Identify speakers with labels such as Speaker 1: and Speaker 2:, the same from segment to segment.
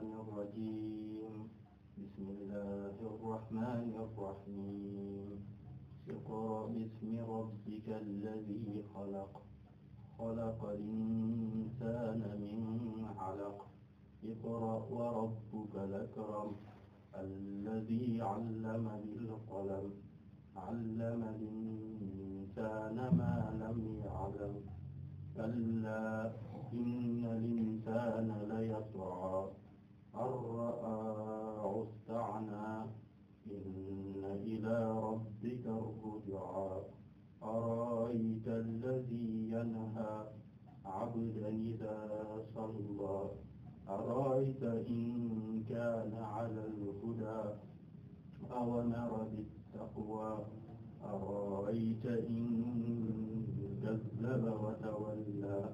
Speaker 1: الشيطان الرجيم بسم الله الرحمن الرحيم اقرأ باسم ربك الذي خلق خلق الإنسان من علق اقرأ وربك الأكرم الذي علم بالقلم علم الإنسان ما لم يعلم كلا إن الإنسان ليطغى الرأى استعنى إن إلى ربك الرجعى أرأيت الذي ينهى عبدا إذا صلى أرأيت إن كان على الهدى أو أمر بالتقوى أرأيت إن كذب وتولى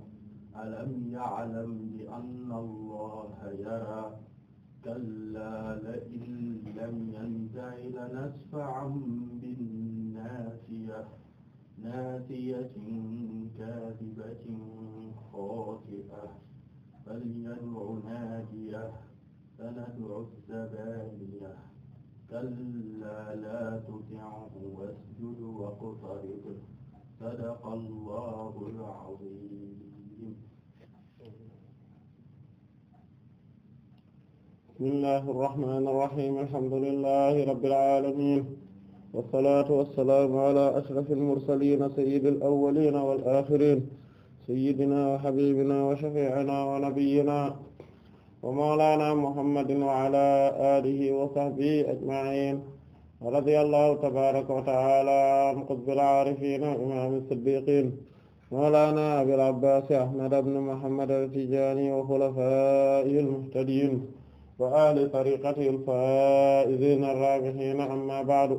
Speaker 1: ألم يعلم بأن الله يرى كلا لئن لم ينته لنسفعا بالناسية ناسية كاذبة خاطئة فليدع ناديه سندع الزبانية كلا لا تطعه واسجد واقترب صدق الله العظيم
Speaker 2: bismillahi irrahmani irrahim alhamdulillahi rabbil alamin wassalatu wassalaamu ala ashraf almursalin sayyidi alawalina wal axirin sayidina wa habibina wa shafi'ina wa nabiyina wa mawlana muhammadin wa ala alihi wa sahbihi ajma'in wa radiyallahu tabaraka wa ta'ala an qutbil arifin wa imam as-siddiqin mawlana abil abbas ahmad ibn muhammad at-tijani wa khulafa'ihil muhtadin wa ali tariqatihi al-faa'iziina ar-raabihiina amma ba'du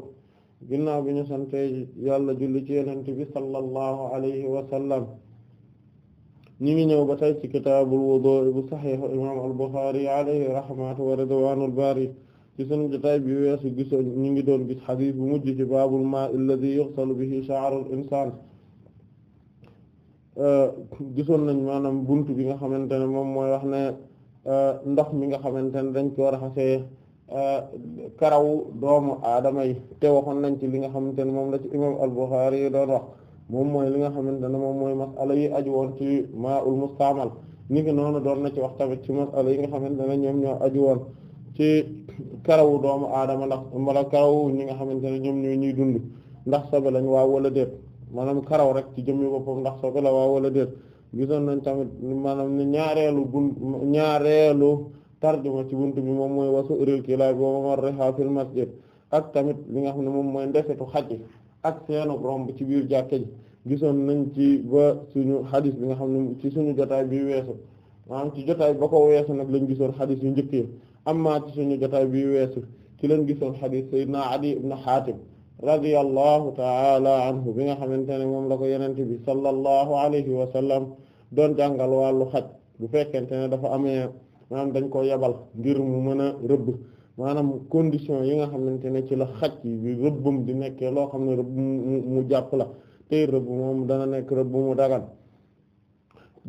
Speaker 2: ginnaaw bi ñu sante yàlla julli ci bi sallallahu alayhi wa sallam ñu ngi ñëw ba tey ci kitaabul wudu' bu saxiix imaam al-Buxaari alayhi rahmatu wa ridwaanul baari ci sunu bi weesu gisoon ñu ngi doon gis xadiis bu mujj ci baabul maa'i alladii yughsalu nañ maanaam buntu bi nga xamante ne moom mooy wax ne Euh, ndox mi nga xamante ne dañ ko raxasee euh, karaw doomu aadama yi te waxoon nañ ci li nga xamante ne moom la ci imam al-Bukhari yi doon wax moom mooy li nga xamante ne moom mooy masala yi aju woon ci maa'ul mustaamal ni ngi noonu doon na ci wax tamit ci masala yi nga xamante ne ñoom ñoo aju woon ci karawu doomu aadama ndax wala karawu ñi nga xamante ne ñoom ñoo ñuy dund ndax sobe lañ waaw wala déet maanaam karaw rek ci jëmmi boppam ndax sobe la waaw wala déet gisoon nañ tamit maanaam ne ñaareelu bun ñaareelu tarjuma ci bunt bi moom mooy wasu uril boo wa a fil masjid ak tamit li nga xam ne moom mooy ndesetu xaj ak seenu romb ci biir jàkke ji gisoon nañ ci ba suñu xadis bi nga xam ne ci suñu jotaay bi weesu maanaam ci jotaay ba ko weesu nag lañ gisoon xadis yu njëkk yi amma ci suñu jotaay bi weesu ci leen gisoon xadis Seydina Adi ibn Hatim radiyallahu taala anhu bi nga xamante ne moom la ko yenente bi sallallahu alayhi wa sallam doon jàngal wàllu xaj bu fekkente ne dafa amee maanaam dañ ko yebal ngir mu mën a rëbb maanaam condition yi nga xamante ne ci la xaj bi di nekkee loo xam ne mu jàpp la tey rëbb moom dana nekk rëbb mu dagan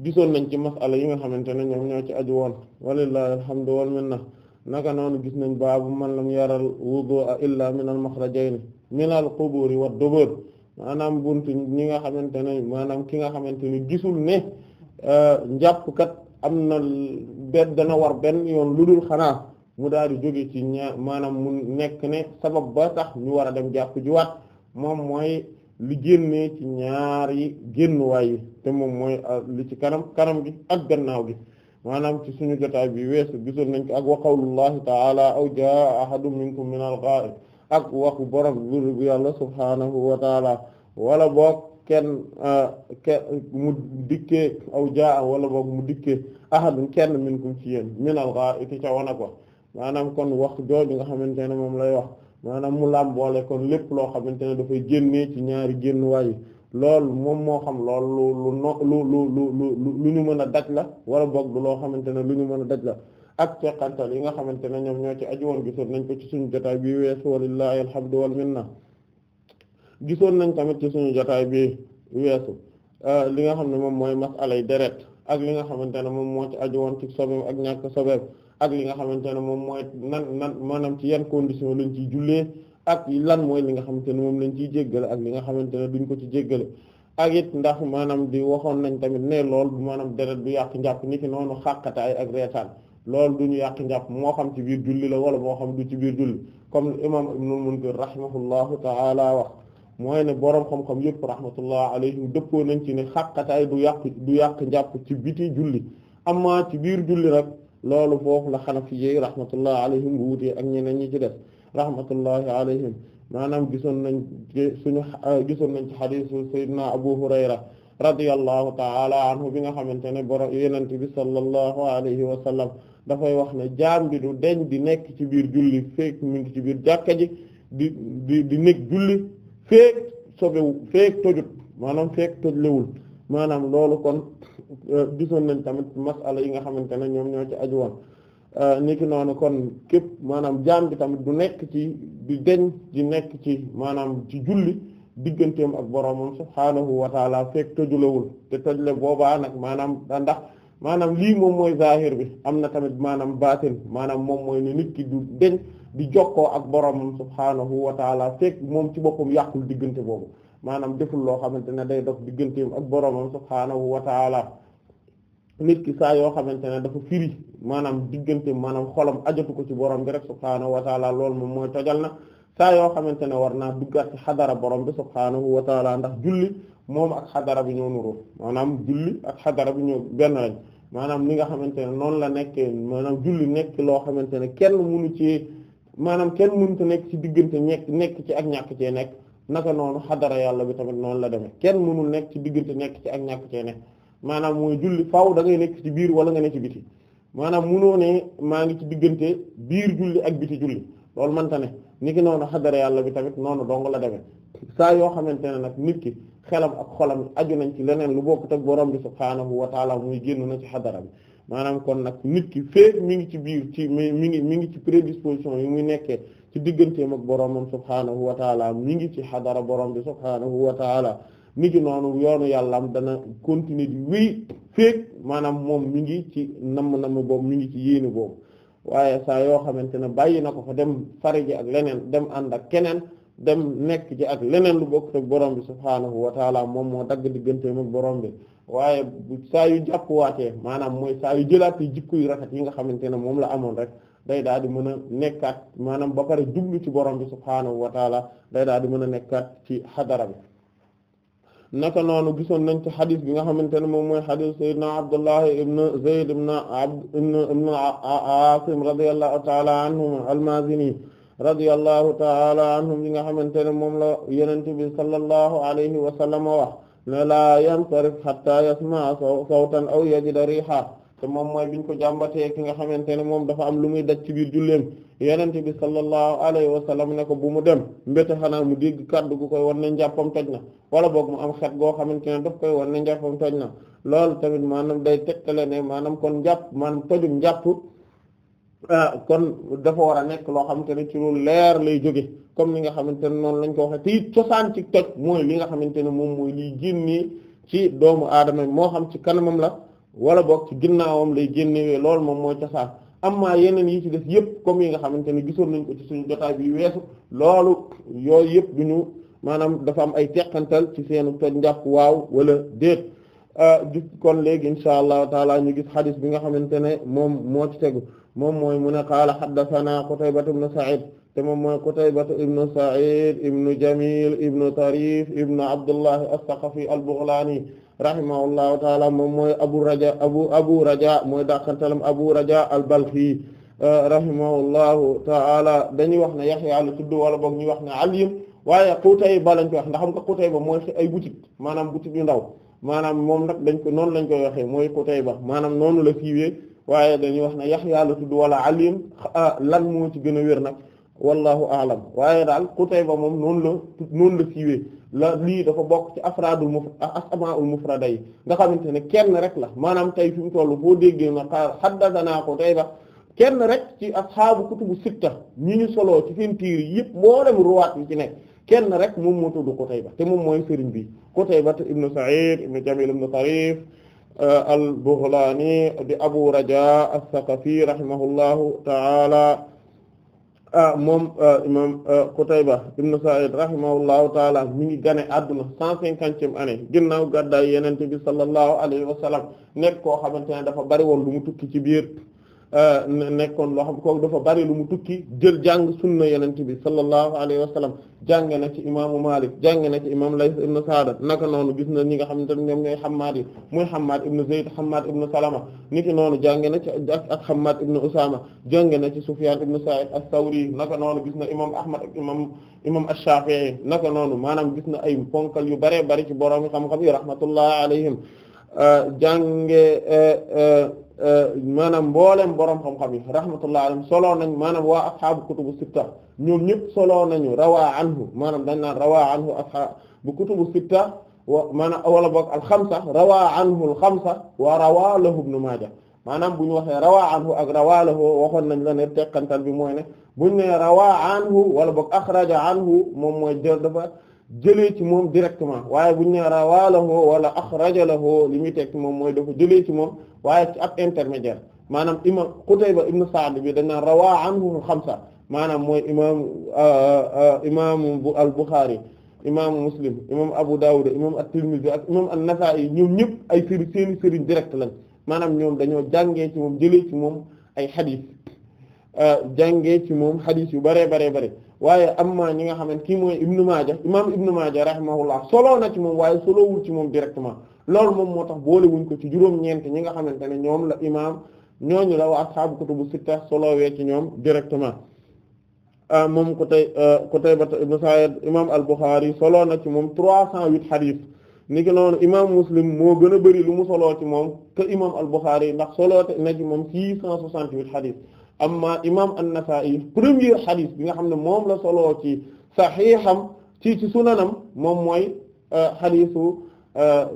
Speaker 2: gisoon nañ ci masala yi nga xamante ne ñoom ñoo ci aju woon walillahi alhamdu wal na naka noonu gis nañ baabu man lam yaral wudu a illa min al makhrajayn minal quburi war dubur maanaam buntu ñi nga xamante ne maanaam ki nga xamante ne gisul ne euh, njàppkat am na benn dana war benn yoon lu dul xanaa mu daal di jóge ci ña maanaam mu nekk ne sabab ba tax ñu war a dem jàpp jiwaat moom mooy li génnee ci ñaar yi génnuwaay yi te moom mooy euh, li ci kanam kanam gi ak gannaaw gi maanaam ci suñu jotaay bi weesu gisoon nañ ko ak wa qawlullahi ta'ala aw jaa ahadun minkum minal ghaa'ib ak waxu borom bu yàlla subhaanahu wa taala wala boog kenn ah, kenn mu dikkee aw jaa wala boog mu dikkee ahadun kenn minkum ci yéen minal ghaa'iti ca wanag ko maanaam kon wax jooju nga xamante ne moom lay wax maanaam mu làmboole kon lépp loo xamante ne dafay génnee ci ñaari génn waayi loolu moom moo xam lool lu lu lu lu lu lu ñu mën a daj la wala boog du loo xamante ne lu ñu mën a daj la ak teqantal yi nga xamante ne ñoom ñoo ci aju woon gisoon nañ ko ci suñu jotaay bi weesu walillahi alhamdu wal minna gisoon nañ tamit ci suñu jotaay bi weesu euh, li nga xam ne moom mooy masalay deret ak li nga xamante ne moom moo ci aju woon ci sobeem ak ñàkk sobeem ak li nga xamante ne moom mooy nan maanaam ci yan condition lañ ciy jullee ak lan mooy li nga xamante ne moom lañ ciy jéggale ak li nga xamante ne duñ ko ci jéggale ak it ndax maanaam di waxoon nañ tamit ne lool maanaam deret du yàq njàpp ni ki noonu xàqataay ak reetaan loolu du ñu yàq njàpp moo xam ci biir julli la wala moo xam du ci biir julli comme imam ibnul Munzir rahimahullahu ta'ala wa mooy ne boroom xam-xam yëpp rahmatullah alayhim dëppoo nañ ci ne xàqataay du yàq du yàq njàpp ci biti julli amma ci biir julli nag loolu foofu la xanafi yi rahmatullah alayhim bu wutee ak ñeneen ñi ci def rahmatullahi alayhim maanaam gisoon nañ ci euh, gisoon nañ ci xadiisu sayyidina Abu Hurayra radiyallahu ta'ala anhu bi nga xamante ne boro yenente bi sallallahu alayhi wa sallam dafay wax ne jaam bi du deñ di nekk ci biir julli feek mu ngi ci biir jàkka ji di di nekk julli feek sobewu feek tojut maanaam feek tojlewul maanaam loolu kon euh, gisoon nañ tamit masala yi nga xamante ne ñoom ñoo ci ajuwoon euh, niki noonu kon képp maanaam jaam bi tamit du nekk ci di deñ di nekk ci maanaam ci julli digganteem ak boroomam subhaanahu wa taala feek tojulewul te tojle boobaa nag maanaam da ndax maanaam lii moom mooy zahir bi am na tamit maanaam baatin maanaam moom mooy nit ki du deñ di jokkoo ak boromam subhaanahu wa taala fekk moom ci boppam yàqul diggante boobu maanaam deful loo xamante ne day dox diggante ak boromam subhaanahu wa taala nit ki saa yoo xamante ne dafa firi maanaam diggante maanaam xolam ajatu ko ci borom bi rek subhaanahu wa taala moom mooy tojal na saa yoo xamante ne war naa duggaat ci xadara borom bi subhaanahu wa ndax julli moom ak xadara bi ñoo nuroo maanaam julli ak xadara bi ñoo benn lañ maanaam li nga xamante ne noonu la nekk maanaam julli nekk loo xamante ne kenn munu ci maanaam kenn mënut a nekk ci diggante nekk nekk ci ak ñàkk cee nekk naka noonu xadara yàlla bi tamit noonu la demee kenn mënul nekk ci diggante nekk ci ak ñàkk cee nekk maanaam mooy julli faw da ngay nekk ci biir wala nga ne ci biti maanaam munoo ne maa ngi ci diggante biir julli ak biti julli loolu mante ne ni ki noonu xadara yàlla bi tamit noonu dong la demee saa yoo xamante ne nag nit ki xelam ak xolam aju nañ ci leneen lu bokkut ak boroom bi subhaanahu wa taala muy génn na ci xadara bi maanaam kon nag nit ki feek mi ngi ci biir ci mi ngi mi ngi ci prédisposition yi muy nekkee ci digganteem ak boromam subhaanahu wa taala mi ngi ci xadara borom bi subhaanahu wa taala mi ngi noonu yoonu yàllaam dana continuer di wéy feek maanaam moom mi ngi ci namm-namm boobu mi ngi ci yéene boobu waaye saa yoo xamante ne bàyyi na ko fa dem fariji ak leneen dem ànd ak keneen dem nekk ci ak leneen lu bokk ak borom bi subhaanahu wa taala moom moo dagg digganteem ak borom bi waaye saa yu jàppuwaatee maanaam mooy saa jëlaat jëlaat jikko yi rafet yi nga xamante ne moom la amoon rek day daal di mën a nekkaat maanaam ba pare jublu ci borom bi subhaanahu wa taala day daal di mën a nekkaat ci xadara bi naka noonu gisoon nañ ci xadis bi nga xamante ne moom mooy xadis sayyidina Abdullahi ibn Zayd ibn Abd ibn radiyallahu taala anhum yi nga xamante ne moom la yonent bi sallallahu alayhi wa sallam wax ne laa yansarif hatta yasma sawtan aw yajida riha te moom mooy biñ ko jàmbatee ki nga xamante ne moom dafa am lu muy da ci biir julleem yonent bi sallallahu alayhi wa sallam ne ko bu mu dem mbéta xanaa mu dégg kaddu gu koy wan ne njàppam toj na wala boog mu am xet goo xamante ne daf koy wan ne njàppam toj na loolu tamit maanaam day tegtale ne maanaam kon njàpp maanaam tojum njàpp Euh, kon dafa war a nekk loo xamante ne ci lu leer lay jóge comme li nga xamante ne noonu lañ ko waxee te it cosaan ci toj mooy li nga xamante ne moom mooy liy génnee ci doomu aadama moo xam ci kanamam la wala boog ci ginnaawam lay génnewee loolu moom mooy cosaan amma yeneen yi ci def yëpp comme yi nga xamante ne gisoon nañ ko ci suñu jotaay bi weesu loolu yooyu yëpp du maanaam dafa am ay teqantal ci seenu toj njàpp waaw wala déet euh, kon léegi insha allahu taala ñu gis xadis bi nga xamante ne moom moo ci tegu moom mooy mu ne qaala haddathana Qutaybatu ibn Sa'id te moom mooy Qutaybatu ibn Sa'id ibn Jamil ibn Tarif ibn Abdullah as-Saqafi al-Baghlani rahimahullahu ta'ala moom mooy Abu Raja Abu Abu Raja mooy dàqantalam Abu Raja al-Balkhi euh, rahimahullahu ta'ala dañuy wax ne Yahya la tudd wala boog ñuy wax ne Alim waaye Qutayba lañ ko wax ndax xam nga Qutayba mooy ay boutique maanaam boutique yu ndaw maanaam moom nag dañ ko noonu lañ koy waxee mooy Qutayba maanaam noonu la siiwee waaye dañuy wax na Yaxya la tudd wala alim ah, lan moo ci gën a wér nag wallahu alam waaye daal Qutayba moom noonu la noonu la siiwee la lii dafa bokk ci afraadul muf ah, asmaa'ul mufrada yi nga xamante ne kenn rek la maanaam tey fi mu toll boo déggee na haddathana Qutayba kenn rek ci ashaabu kutubu sitta ñi ñu soloo ci seen tiir yëpp boo dem ruwaat yi ci nekk kenn rek moom moo tudd Qutayba te moom mooy sëriñ bi Qutayba ibn Sa'id ibn Jamil ibn Tarif al-Baghlani di Abu Raja as-Saqafi rahimahullahu ta'ala moom imam Qutayba ibn Sa'id rahimahullahu ta'ala mi ngi gane adduna cent cinquantième année ginnaaw gàddaay Yonent bi sallallahu alayhi wa sallam nekk koo xamante ne dafa bari woon lu ci biir Euh, nekkoon loo xam kooku dafa bari lu mu tukki jël jàng sunna yenente bi sallallahu alayhi wa sallam jàng ci imaamu Malik jàng na ci imam Lays ibn naka noonu gis na ñi nga xamante ne ñoom ñooy Hammad yi muy Hammad ibn Zayd Hammad ibn Salama niki noonu jàng na ci ak ak Hammad ibn Usama na ci Sufyan ibn Sa'id as-Sawri naka noonu gis na imam Ahmad ak imam imam ash-Shafi'i naka noonu maanaam gis na ay ponkal yu bare bari ci borom xam-xam yi rahmatullah alayhim euh, jànge euh, Euh, maanaam mboolem borom xam-xam yi rahmatullah alayhim solo nañ maanaam wa asxaabu kutubu sitta ñoom ñëpp solo nañu rawaa anhu maanaam dañ naan rawaa anhu asxaabu kutubu sitta wa maanaam wala boog alxamsa rawa anhu alxamsa wa rawaa lahu nu maaja maanaam bu ñu waxee rawaa anhu ak rawaa lahu waxoon nañ la ne tekkantal bi mooy ne buñ ne rawaa anhu wala boog axraja anhu moom mooy jël dafa jëlee ci moom directement waaye buñ ne rawaa lahu wala axraja lahu li muy tekk moom mooy dafa jëlee ci moom waaye ci ab intermédiaire maanaam imam Qutayba ibn Sa'd bi dañ naan rawaa anhu xamsa maanaam mooy imam euh, euh, imam bu al Bukhari imam Muslim imam Abu Dawud imam at-Tirmidhi ak imam an-Nasa'i ñoom ñëpp ay sëriñ seeni direct lañ maanaam ñoom dañoo jàngee ci moom jëlee ci moom ay xadis euh, jàngee ci moom xadis yu bare bare bare waaye amma ñi nga xamante kii mooy Ibn Maaja imam Ibn Maaja rahimahullah soloo na ci moom waaye solowul ci moom directement loolu moom moo tax boole wuñ ko ci juróom-ñeent ñi nga xamante ne ñoom la imaam ñooñu la waa ashaabu kutubu sitta solowee ci ñoom directement euh, moom Qutay Qutayba ibn Sa'id imaam al-Bukhari soloo na ci moom trois cent huit hadith ni ki noonu imaam Muslim moo gën a bëri lu mu soloo ci moom que imaam al-Bukhari ndax soloo na ci moom six cent soixante huit hadith amma imaam an-Nasa'i premier hadith bi nga xam ne moom la soloo ci saxiixam ci ci sunanam moom mooy euh, hadithu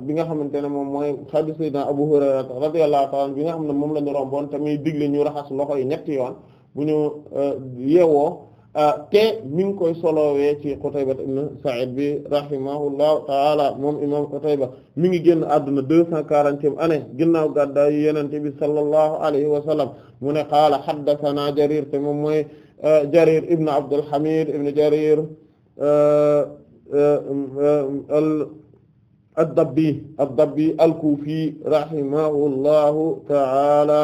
Speaker 2: bi nga xamante ne moom mooy hadith sayyidina Abu Hurayra radiyallahu bi nga xam ne moom la ñu romboon tamit digle ñu raxas loxo yi ñetti yoon bu ñu euh, yeewoo euh, te mi ngi koy solowee ci Qutayba ibn Sa'id bi rahimahullahu ta'ala moom imam Qutayba mi ngi génn àdduna deux cent quarantième année ginnaaw gàddaa yu yenente bi sallallahu alayhi wa sallam mu ne qaala haddathana Jarir te moom mooy euh, Jarir ibn Abdul Hamid ibn Jarir al ad-Dabbi ad-Dabbi al-Kufi rahimahullahu ta'ala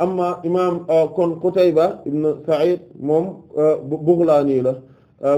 Speaker 2: amma imaam kon Qutayba ibn Sa'id moom Baghlani la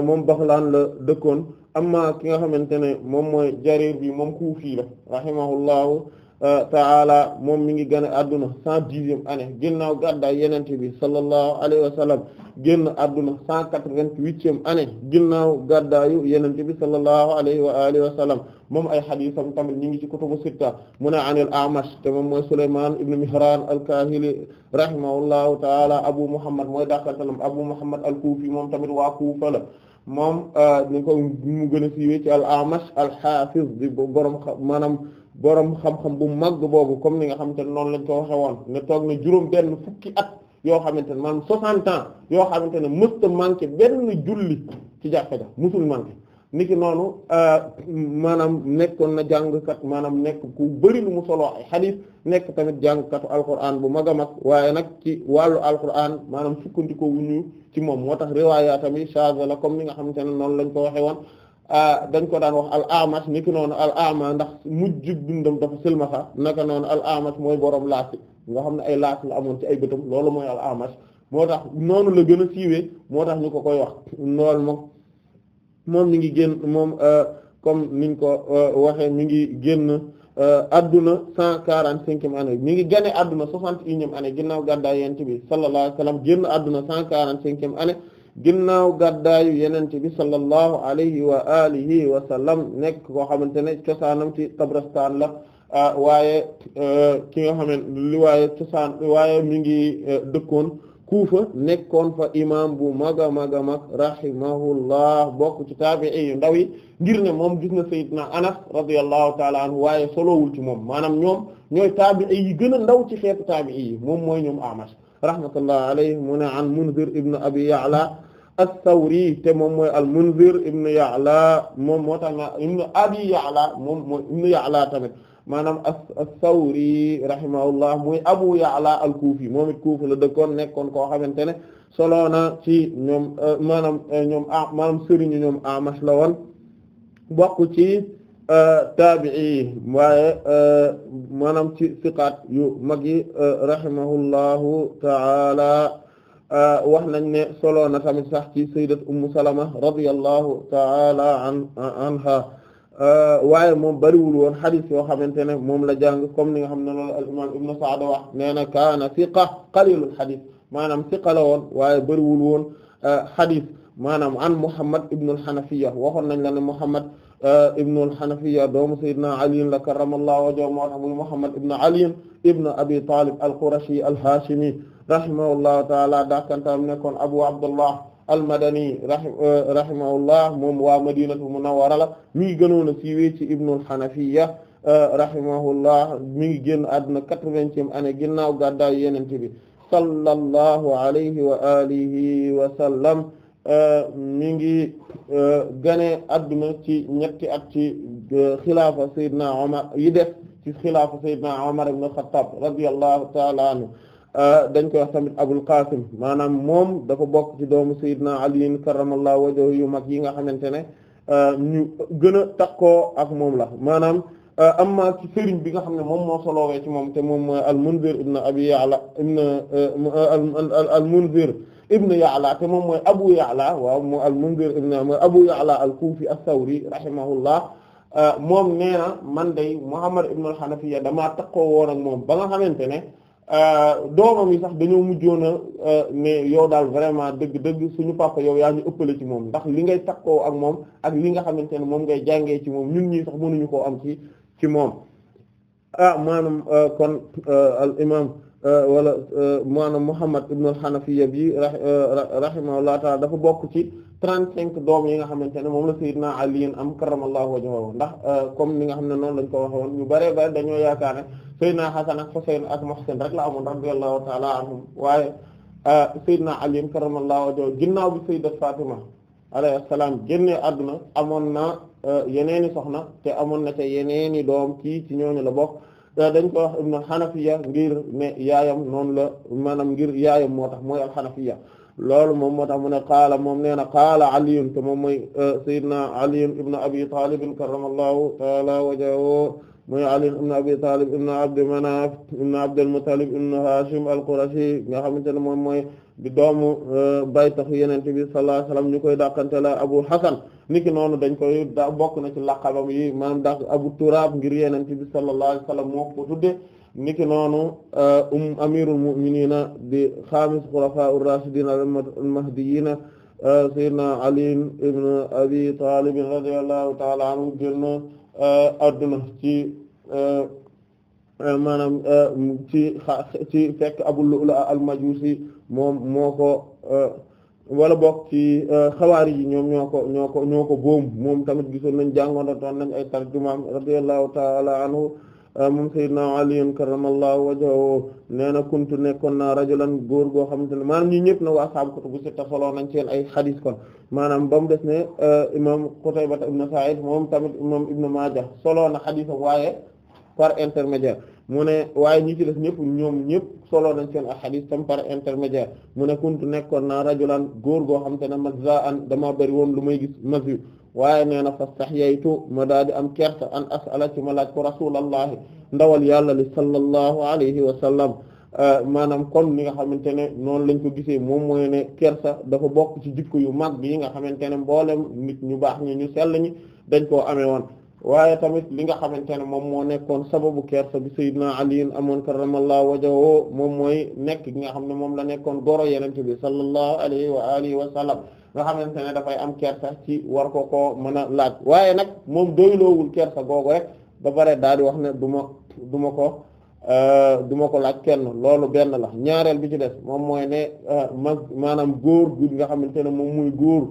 Speaker 2: moom Baghlan la dëkkoon amma ki nga xamante ne moom mooy Jarir bi moom Kufi la rahimahullahu ta euh, taala moom mi ngi gën a adduna cent dixième année ginnaaw gàddaay yenente bi sallallahu alayhi wa sallam génn adduna cent quatre-vingt-huitième année ginnaaw gàddaayu yenente bi sallallahu alayhi wa alihi wa sallam moom ay xadiisam tamit ñi ngi ci kutubu sitta mu ne anil A'mash te moom mooy Sulaymaan ibn Mihraan al-Kaahili rahimahullahu taala Abu Muhammad mooy dàqantalam Abu Muhammad al-Kuufi moom tamit waa Kuufa la moom euh, ni ko mu gën a siiwee ci al-A'mash al-Haafiz di borom maanaam borom xam-xam bu màgg boobu comme ni nga xamante ne noonu lañ ko waxe woon ne toog na juróom benn fukki at yoo xamante ne maanaam soixante ans yoo xamante ne mësta manqué benn julli ci jàkka ja musul manqué niki noonu euh, maanaam nekkoon na jàngkat maanaam nekk ku bari lu mu solo ay xadiis nekk tamit jàngkatu alquran bu mag a mag waaye nag ci wàllu alquran maanaam sukkandikoo wuñu ci moom moo tax riwaaya tamit charge la comme ni nga xamante ne noonu lañ ko waxe woon Ah, dañ ko daan wax al amash nit ki noonu al ama ndax mujjug dundam dafa silmaxa naka noonu al amash mooy borom laas nga xam ne ay laas la amoon ci ay bëtam loolu mooy al amash moo tax noonu la gën a siiwee moo tax ñu ko koy wax loolu moom moom mi ngi génn moom euh, comme niñ ko euh, waxee mi ngi génn euh, adduna cent quarante-cinquième année mi ngi génne adduna soixante et unième année ginnaaw gàddaay yonent bi sallallahu alayhi wasallam génn adduna cent quarante-cinquième année ginnaaw gàddaayu yenente bi sallallahu alayhi wa alihi wa sallam nekk koo xamante ne cosaanam ci Tabaristan la ah, waaye eh, ki nga xaman li waaye cosaan waaye mi ngi eh, dëkkoon Kufa nekkoon fa imam bu mag a mag a mag rahimahullah bokk ci taabi'i yu ndaw yi ngir ne moom gis na Seydina Anas radiyallahu taala anhu waaye solowul ci moom maanaam ñoom ñooy taabi'i yi gën a ndaw ci xeetu taabi'i yi moom mooy ñoom Amash rahmatullah alayhi mu ne an Munzir ibn Abi Ya'la as-Sawri te moom mooy al-Munzir ibn Ya'la moom moo tax na ibn Abi Ya'la moom mooy ibn Ya'la tamit maanaam as-Sawri rahimahullah muy Abu Ya'la al-Kufi moom it Kufa la dëkkoon nekkoon koo xamante ne solo na ci ñoom euh, maanaam euh, ñoom a ah, maanaam sëriñu ci taabi'i yi waaye maanaam ci siqaat yu mag yi rahimahullahu ta'ala wax nañ ne solo na tamit sax ci sayyidat ummu salama radiyallahu ta'ala an anha waaye moom bariwul woon xadis yoo xamante ne moom la jàng comme ni nga xam ne loolu al imam ibnu wax nee na kaana siqa qalilul xadis maanaam siqa la woon waaye bariwul woon xadis maanaam an Muhammad ibnu al-Hanafiyya waxoon nañ la ne Muhammad ibnu al-Hanafiyya doomu Seydina Ali la karramallahu wajhahu moo tax muy Muhammad ibn Ali ibn Abi Talib al-Qurashi al-Hashimi rahimahullahu ta'ala daakantaam nekkoon Abu Abdullah al-Madani rahimahullah moom waa Madinatu Munawwara la mi ngi gënoon a siiwee ci ibnu al-Hanafiyya rahimahullah génn àdduna quatre-vingtième année ginnaaw gàddaay bi sallallahu alayhi wa alihi wa Euh, mii ngi euh, gane adduna ci ñetti at ci euh, xilaafa Seydina Omar yi def ci xilaafa Seydina Omar ibn Khattab radiyallahu ta'ala anhu dañ koy wax tamit Abul Qasim maanaam moom dafa bokk ci doomu Seydina Ali karramallahu wajhahu yu mag yi nga xamante ne ñu gën a takkoo ak moom la maanaam amma ci sëriñ bi nga xam ne moom moo solowee ci moom te moom mooy al Munzir ibn Abi Ya'la ibn al al Munzir ibn Ya'la te moom mooy Abu Ya'la waaw mu al-Munzir ibn Abu Ya'la al-Kufi as-Sawri rahimahullah euh, moom nee na man day Muhammad ibn al-Hanafiya damaa takkoo woon ak moom ba nga xamante ne euh, doomam yi sax dañoo mujjoon a euh, ne yow daal vraiment dëgg-dëgg suñu papa yow yaa ñu ëppale ci moom ndax li ngay takkoo ak moom ak li nga xamante ne moom ngay jàngee ci moom ñun ñii sax mënuñu koo am ci ci moom ah maanaam kon al imam Euh, wala euh, maanaam Muhammad ibn al-Hanafiyya bi euh, rahimahullahu ta'ala dafa bokk ci trente-cinq doom yi nga xamante ne moom la Sayyidina Ali am karramallahu wajhahu ndax comme ni nga xam ne noonu lañ ko waxe woon ñu bare bare dañoo yaakaar ne Sayyidina Hasan ak Husayn ak Muhsin rek la amoon radiyallahu ta'ala anhum waaye Sayyidina Ali karramallahu wajhahu ginnaaw bi Sayyidat Fatima alayhi salaam génne àdduna amoon na yeneeni soxna te amoon na te yeneeni doom kii ci ñooñu la bokk Euh, dañ ko wax ibn xanafiya ngir ne yaayam noonu la maanaam ngir yaayam moo tax mooy alxanafiya loolu moom moo tax mu ne qaala moom nee na qaala aliyun te moom mooy euh, sayyidina aliyun ibn abi talib karamallahu taala wajhahu mooy ali ibn abi talib ibn abd manaf ibn abd al muttalib ibn hashim nga xamante ne moom mooy di doomu e, baytaxu yenente bi sallallahu alayhi koy dàqante la Abu Hasan niki noonu dañ koy da bokk na ci laqabam yi maanaam dàq Abu Turaab ngir yenente bi sallallahu alayhi wasallam moo ko tudde niki noonu e, um amirul mu'minina di xaamis xulafaa ar-raashidin al-mahdiyyin e, sayyidina Ali ibn Abi Talib radiyallahu ta'ala anhu génn adduna ci maanaam ci ci fekk Abu Lu'lu'a al-Majusi moom moo ko euh, wala bokk ci euh, xawaari yi ñoom ñoo ko ñoo ko ñoo ko boom moom tamit gisoon nañ jàngoonda ton nañ ay tarjumaam radiyallahu ta'ala anhu euh, moom sayyidina Ali karramallahu wajhahu nee na kuntu kon na rajulan góor goo xamante ne maanaam ñi ñëpp na waa ashaabu kutubu sitta soloo nañ seen ay xadiis kon maanaam ba def des ne imam Qutayba ibn Sa'id moom tamit imam Ibn Maaja soloo na xadiisam waaye par intermédiaire mu ne waaye ñi ci des ñëpp ñoom ñëpp solo nañ seen xadis tam par intermédiaire mu ne kuntu nekkoon naa rajulan góor goo xam te ne mazza'an damaa bëri woon lu may gis mazi waaye nee na sax fastahyaytu ma daal am kersa an as'ala ci ma laaj ko rasulallahi ndawal yàlla li sallallahu alayhi wa sallam euh, maanaam kon ni nga xamante ne noonu lañ ko gisee moom mooy ne kersa dafa bokk ci jikko yu mag yi nga xamante ne mboolem nit ñu baax ñi ñu sell ñi dañ koo amee woon waaye tamit li nga xamante ne moom moo nekkoon sababu kersa bi sayyidina Ali amoon karramallahu wajhahu moom mooy nekk gi nga xam ne moom la nekkoon goro yenent bi sallallahu alayhi wa alihi wa sallam nga xamante ne dafay am kersa ci war ko koo mën a laaj waaye nag moom doyloowul kersa googu rek ba pare daal di wax ne du ma ko euh, du ma ko laaj kenn loolu benn la ñaareel bi ci des moom mooy ne euh, mag maanaam góor gi nga xamante ne moom muy góor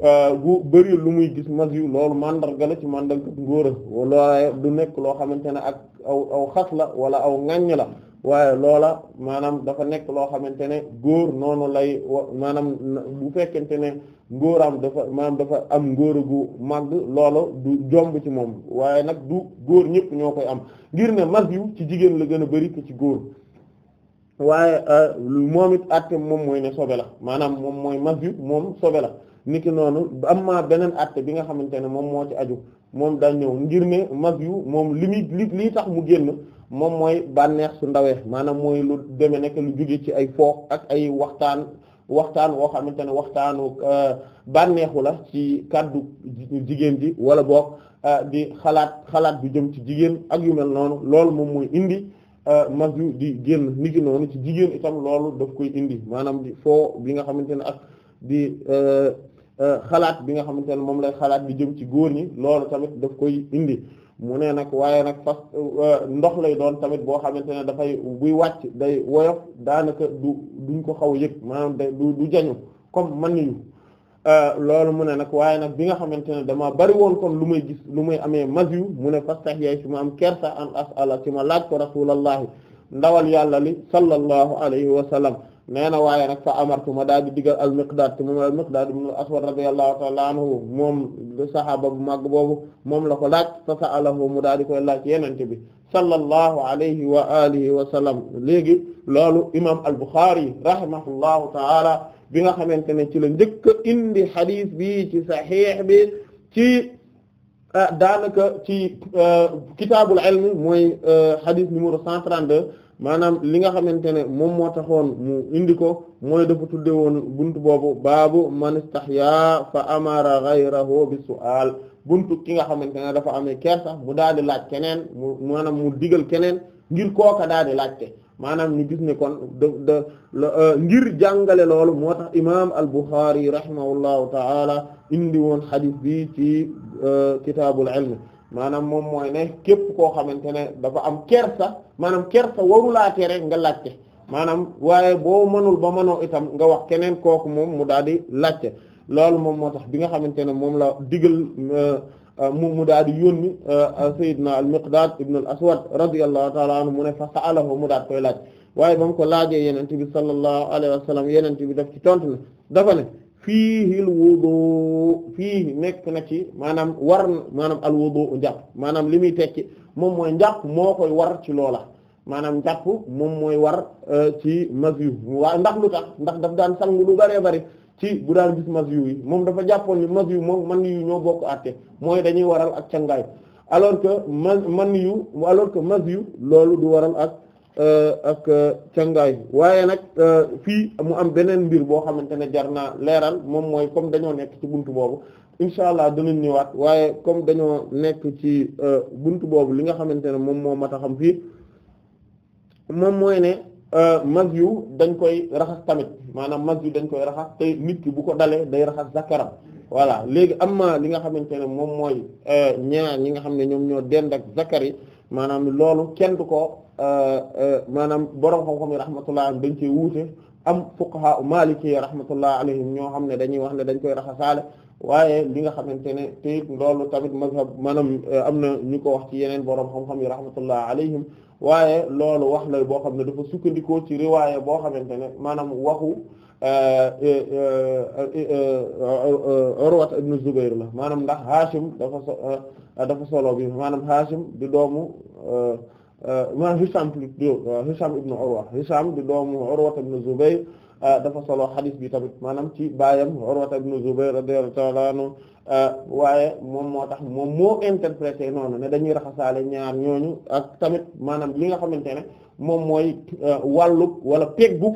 Speaker 2: bu euh, bëri lu muy gis mas yu loolu mandarga la ci man mandarga ngóora wala du nekk loo xamante ne ak aw aw xas la wala aw ŋàññ la waaye loola maanaam dafa nekk loo xamante ne góor noonu lay maanaam bu fekkente ne ngóoraam dafa dafa am ngóora gu màgg loolu du jomb ci moom waaye nag du góor ñëpp ñoo koy am ngir ne mas yu ci jigéen la gën a bari ko ci góor waaye euh, moom it àtte moom mooy ne sobe la maanaam moom mooy mas moom sobe la niki noonu amma beneen atte bi nga xamante ne moom moo ci aju moom daa ñëw ngir ne mag yu moom li muy li lii tax mu génn moom mooy bànneex su ndawee maanaam mooy lu demee nekk lu jóge ci ay foox ak ay waxtaan waxtaan woo xamante ne waxtaanu euh, bànneexu la ci kàddu jigéen ji wala boog euh, di xalaat xalaat bu jëm ci jigéen ak yu mel noonu loolu moom mooy indi euh, mag yu di génn niki noonu ci jigéen itam loolu daf koy indi maanaam di foo bi nga xamante ne ak di xalaat bi nga xamante ne moom lay xalaat bi jëm ci góor ñi loolu tamit daf koy indi mu ne nag waaye nag euh, ndox lay doon tamit boo xamante ne dafay buy wàcc day woyof daanaka du duñ ko xaw yëg maanaam du du jañu comme man yu euh, loolu mu ne nag waaye nag bi nga xamante ne dama bari woon kon lu may gis lu may amee mas yu mu ne fas tax yaay si ma am kersa an asala si ma laaj ko rasulallahi ndawal yàlla li sallallahu alayhi wa sallam nee na waaye nag fa amartu ma daal di digal al-Miqdaad te moom al-Miqdaad ibn al-Aswad radiyallahu ta'ala anhu moom saxaaba bu màgg boobu moom la ko laaj fa sa'alahu mu daal di koy laaj yenente bi sallallahu alayhi wa alihi wa sallam léegi loolu imam al-Bukhari rahimahullahu ta'ala bi nga xamante ne ci la njëkk indi xadis bi ci saxiix bi ci ah, daanaka ci ah, kitaabul ilm mooy ah, xadis numéro 132 maanaam li nga xamante ne moom moo taxoon mu indi ko mooy dafa tudde woon buntu boobu baabu man istahya fa amara ghayrahu bi su'al buntu ki nga xamante ne dafa amee kersa mu daal di laaj keneen mu maanaam mu digal keneen ngir kooka daal di laajte maanaam ñu gis ne kon de euh, ngir jàngale loolu moo tax imaam al-Bukhari rahimahullahu ta'ala indi woon xadis bi ci euh, kitaabul ilm maanaam moom mooy ne képp koo xamante ne dafa am kersa. maanaam kersa warulaa tere nga laajte maanaam waaye boo mënul ba mënoo itam nga wax keneen kooku moom mu daal di laajte loolu moom moo tax bi nga xamante ne moom la digal euh, euh, mu mu daal di yónni euh, Seydina al-Miqdad ibn al-Aswad radiyallahu ta'ala anhu mu ne fa sa'alahu mu daal koy laaj waaye ba mu ko laajee yenente bi sallallahu alayhi wa sallam yenente bi daf ci tontu ne dafa ne fiihi al-wudu fii nekk na ci maanaam war maanaam al-wudu njàpp maanaam li muy tekki moom mooy njàpp moo koy war ci loola maanaam njàpp moom mooy war euh, ci masyu waa ndax lu tax ndax daf daan sangu lu bëree bari ci bu daan gis masyu yi moom dafa jàppoon ni masyu moom man yu ñoo bokk àtte mooy dañuy waral ak cangaay alors que man yu alors que masyu loolu du waral ak euh, ak euh, cangaay waaye nag fii mu am beneen mbir boo xamante ne jar naa leeral moom mooy comme dañoo nekk ci buntu boobu incha allah dinañ ñëwaat waaye comme dañoo nekk ci euh, bunt boobu li nga xamante ne moom moo mataxam a xam fii moom mooy ne euh, mas yu dañ koy raxas tamit maanaam mag yu dañ koy raxas te nit ki bu ko dalee day raxas zakaram voilà léegi am ma li nga xamante ne moom mooy euh, ñaar ñi nga xam ne ñoom ñoo dend ak zakar maanaam loolu kenn du ko maanaam borom xam-xam yi rahmatullah dañ cee wuute am fuqaha maliki yi rahmatullah alayhim ñoo xam ne dañuy wax ne dañ koy raxasaale waaye li nga xamante ne te loolu tamit mazhab maanaam euh, am na ñu ko wax ci yeneen borom xam-xam yi rahmatullah alayhim waaye loolu wax la boo xam ne dafa sukkandikoo ci riwaaye boo xamante ne maanaam waxu euh, euh, Urwat ibn Zubayr la maanaam ndax Hashim dafa solo bi maanaam Hashim di doomu ma Hisham plus Hisham ibn Urwa Hisham di doomu Urwat ibn Zubayr Ah, dafa solo xadis bi tamit maanaam ci baayam Urwata ibn Zubayr radiyallahu ta'ala anhu ah, waaye moom moo tax moom moo interprété noonu ne dañuy raxasaale ñaar ñooñu ak tamit maanaam li nga xamante ne moom mooy ah, wàllu wala peggu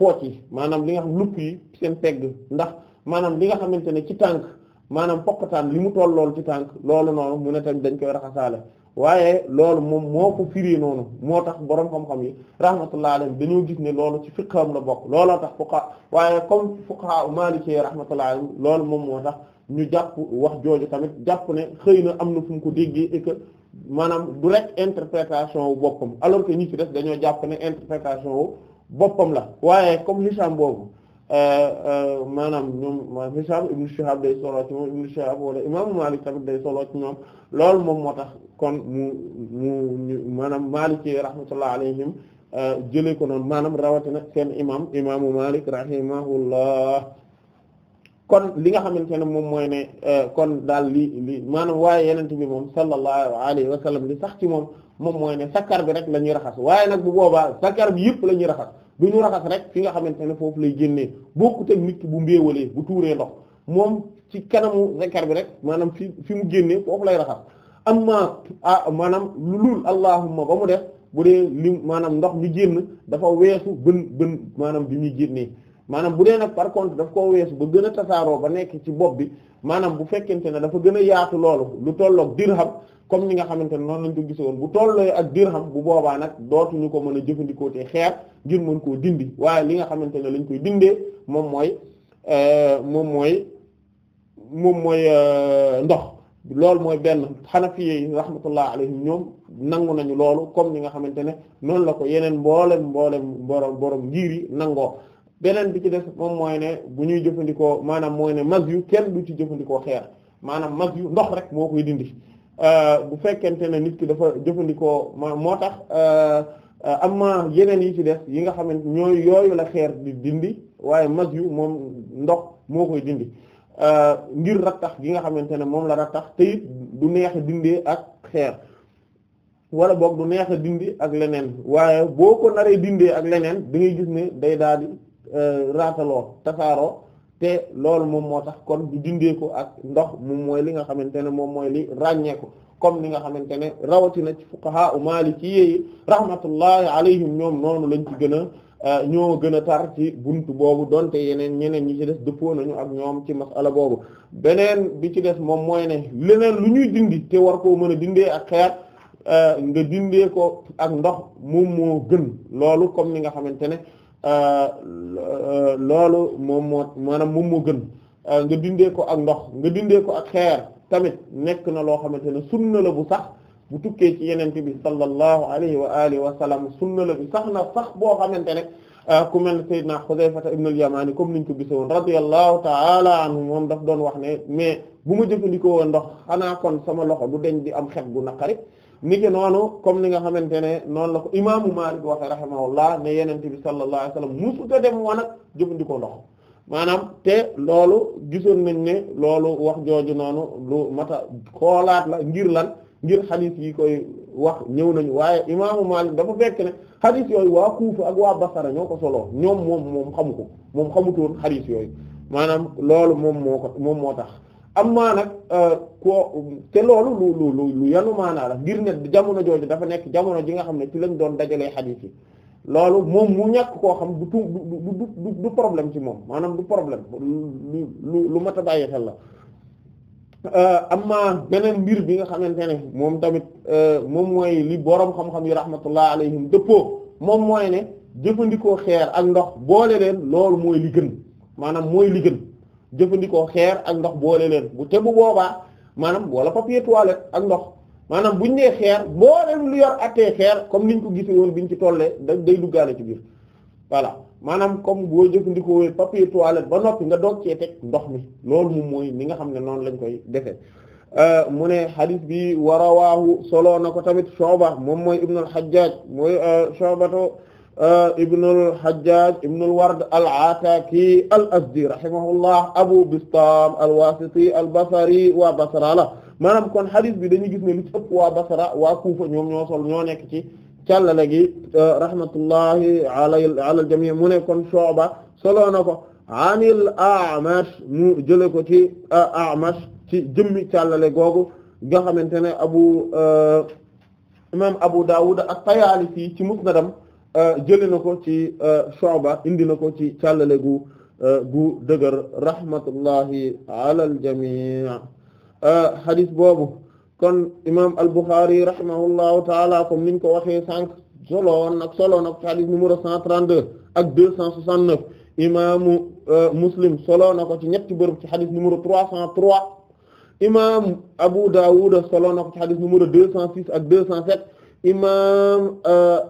Speaker 2: pooc yi maanaam li nga xam lupp yi seen pegg ndax maanaam li nga xamante ne ci tànk maanaam poqataan li mu toll loolu ci tànk loolu noonu mu ne tamit dañ koy raxasaale waaye loolu moom moo ko firi noonu moo tax boroom xam-xam yi rahmatullahi alayhim dañoo gis ne loolu ci am la bokk looloo tax fuqaha waaye comme fuqaha maliki rahmatullahi alayhim loolu moom moo tax ñu jàpp wax jooju tamit jàpp ne xëy na am na fu ko déggee maanaam du rek interprétation wu alors que ñi ci def dañoo jàpp ne interprétation wu la waaye comme Hisham boobu euh, euh, maanaam ñoom Hisham ibn Shihab day solo ci moom ibn Shihab wala imaamu Malik tamit day solo ci ñoom loolu moom moo tax kon mu mu maanaam maliki rahmatullah alayhim euh, jëlee ko noonu maanaam rawatina seen imam imaamu malik rahimahullah kon li nga xamante ne moom mooy ne euh, kon daal li li maanaam waaye yenent bi moom sallallahu alayhi wa sallam li sax ci moom moom mooy ne sakkar bi rek la ñuy raxas waaye nag bu boobaa sakkar bi yëpp la ñuy raxas du ñu raxas rek fi nga xamante ne foofu lay génnee bokkut ak nit ki bu mbéewalee bu tuuree ndox moom ci kanamu sakkar bi rek maanaam fi fi mu génnee foofu lay raxas amma ah maanaam lu lul allahumma ba mu def bu dee li maanaam ndox mi na dafa weesu bën bën maanaam bi muy génnee maanaam bu dee nag par contre daf koo weesu ba gën a tasaaroo ba nekk ci bopp bi maanaam bu fekkente ne dafa gën a yaatu loolu lu tolloog dirham comme ni nga xamante ne noonu lañ ko gise woon bu tolloo ak dirham bu boobaa nag dootuñu ko mën a jëfandikoo te xeer ngir mën koo dindi waaye li nga xamante ne lañ koy dindee moom mooy euh, moom mooy moom mooy euh, ndox loolu mooy benn xanafi yi rahmatullah alayhim ñoom nangu nañu loolu comme ni nga xamante ne noonu la ko yeneen mboolem mboolem borom borom ngir yi nangoo beneen bi ci des moom mooy ne bu ñuy jëfandikoo maanaam mooy ne mas yu kenn du ci jëfandikoo xeer maanaam mas yu ndox rek moo koy dindi euh, bu fekkente ne nit ki dafa jëfandikoo ma moo tax euh, amma yeneen yi ci des yi nga xamante ñooy yooyu la xeer di dindi waaye mas yu moom ndox moo koy dindi Euh, ngir rattax gi nga xamante ne moom la rattax te it du neex a dindee ak xeer wala boog du neex a ak leneen waaye boo ko naree dindee ak leneen da ngay gis ne day daal di euh, raataloo tasaaroo te loolu moom moo tax kon du dindee ko ak ndox moom mooy li nga xamante ne moom mooy li ràññee ko comme ni nga xamante ne rawatina ci fuqaha u maliki yi rahmatullahi alayhim ñoom noonu lañ ci gën a Euh, ñoo gën a tar ci buntu boobu donte yeneen ñeneen ñi ci des dëppoo nañu ak ñoom ci masala boobu beneen bi ci des moom mooy ne leneen lu ñuy dindi te war koo mën a dindee ak xeer euh, nga dindee ko ak ndox moom moo gën loolu comme ni nga xamante ne euh, loolu moom maanaam moom moo gën nga dindee ko ak ndox nga dindee ko ak xeer tamit nekk na loo xamante ne sunna la bu sax bu tukkee ci yenente bi sallallahu alayhi wa alihi wa sallam sunna la bi sax na sax boo xamante ne ah, ku mel ne sayyidina Xudayfata ibn al-Yamani comme niñ ko gise woon radiyallahu taala anhu moom daf doon wax ne mais bu ma jëfandikoo woon ndox xanaa kon sama loxo du deñ di am xet gu naqari ni ki noonu comme ni nga xamante ne noonu la ko imaamu Maalik waxe rahimahullah ne yenente bi sallallahu alayhi wa sallam musuta dem wan ak jëfandikoo ndox maanaam te loolu gisoon nañ ne loolu wax jooju noonu lu mata xoolaat la ngir lan ngir xadis yi koy wax ñëw nañu waaye imaamu Maalik dafa fekk ne xadis yooyu waa Kuufa ak waa Basra ñoo ko soloo ñoom moom moom xamu ko moom xamutoon xadis yooyu maanaam loolu moom moo ko moom moo tax amma nag euh, koo te loolu lu lu lu maanaa la ngir ne jamono jooju dafa nekk jamono ji nga xam ne ci lañ doon dajalee xadis yi loolu moom mu ñàkk koo xam du du du du problème ci moom maanaam du problème lu lu lu mat a bàyyi xel la Euh, am ma beneen mbir bi nga xamante ne moom tamit euh, moom mooy li boroom xam-xam yi rahmatullah alayhim dëppoo moom mooy ne jëfandikoo xeer ak ndox boole leen loolu mooy li gën maanaam mooy li gën jëfandikoo xeer ak ndox boole leen bu te bu boobaa maanaam wala papier toilette ak ndox maanaam buñ nee xeer booleem lu yor ate xeer comme niñ ko gise woon biñ ci tolle da day duggaale ci biir voilà maanaam comme boo jëfandikoo papier toilette ba noppi nga doog cee teg ndox mi loolu moom mooy li nga xam ne noonu lañ koy defe euh, mu ne hadith bi wa rawahu solo na ko tamit Shu'ba moom mooy Ibn al mooy euh, Shu'batu euh, Ibn al-Hajjaj Ibn al-Ward al-Ataki al-Azdi rahimahullah Abu Bistam al-Wasiti al-Basri waa Basra la maanaam kon hadith bi dañuy gis ne lu ci ëpp waa Basra waa ñoom ñoo sol ñoo nekk ci. càllale gi rahmatullahi ala al-jamii mu ne kon Shu'ba solo na ko anil A'mash mu jële ko ci A'mash ci jëmmi càllale googu nga xamante ne abu e, imam Abu Dawud at-Tayaalisi ci musnadam e, jëli na ko ci e, Shu'ba indi na ko ci càllale gu gu dëgër rahmatullahi ala al-jamii hadith boobu kon imaam al-Bukhari rahimahullahu taala comme niñ ko waxee sànq solo woon nag solo na ko hadith numéro 132 ak 269 imaamu euh, Muslim solo na ko ci ñetti bërëb ci hadith numéro 303 imaam Abu Dawud solo na ko ci hadith numéro 206 ak 207 imaam euh,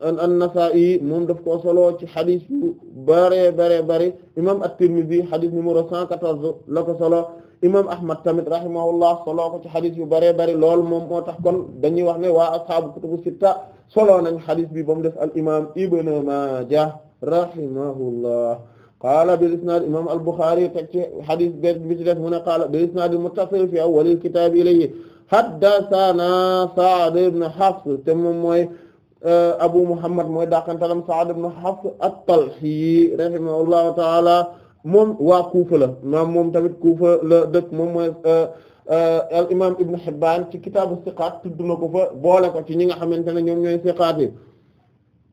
Speaker 2: an-Nasa'i moom def ko solo ci hadith yu bare bare bare imaam at-Tirmidhi hadith numéro 114 la ko solo. imam ahmad tamit rahimahullah soloo ko ci xadis yu bëree bëri lool moom moo tax kon dañuy wax ne waa ashaabu kutubu sitta soloo nañ xadis bi ba mu def al imam ibn Maaja rahimahullah qaala bil isnaad imam al Buxaari teg ci xadis be bi ci def mu ne qaala bil isnaad muttasil fi awwalil kitaab ilayhi haddasanaa Sa'd ibn Hafs te moom mooy euh, Abu Muhammad mooy dàqantalam Sa'd ibn Hafs at-Talhi rahimahullahu ta'ala moom waa Kuufa la maam moom tamit Kuufa la dëkk moom mooy euh, euh, al imaam Ibn Hibbaan ci kitaabu siqaat tudd na ko fa boole ko ci ñi nga xamante ne ñoom ñooy siqaat yi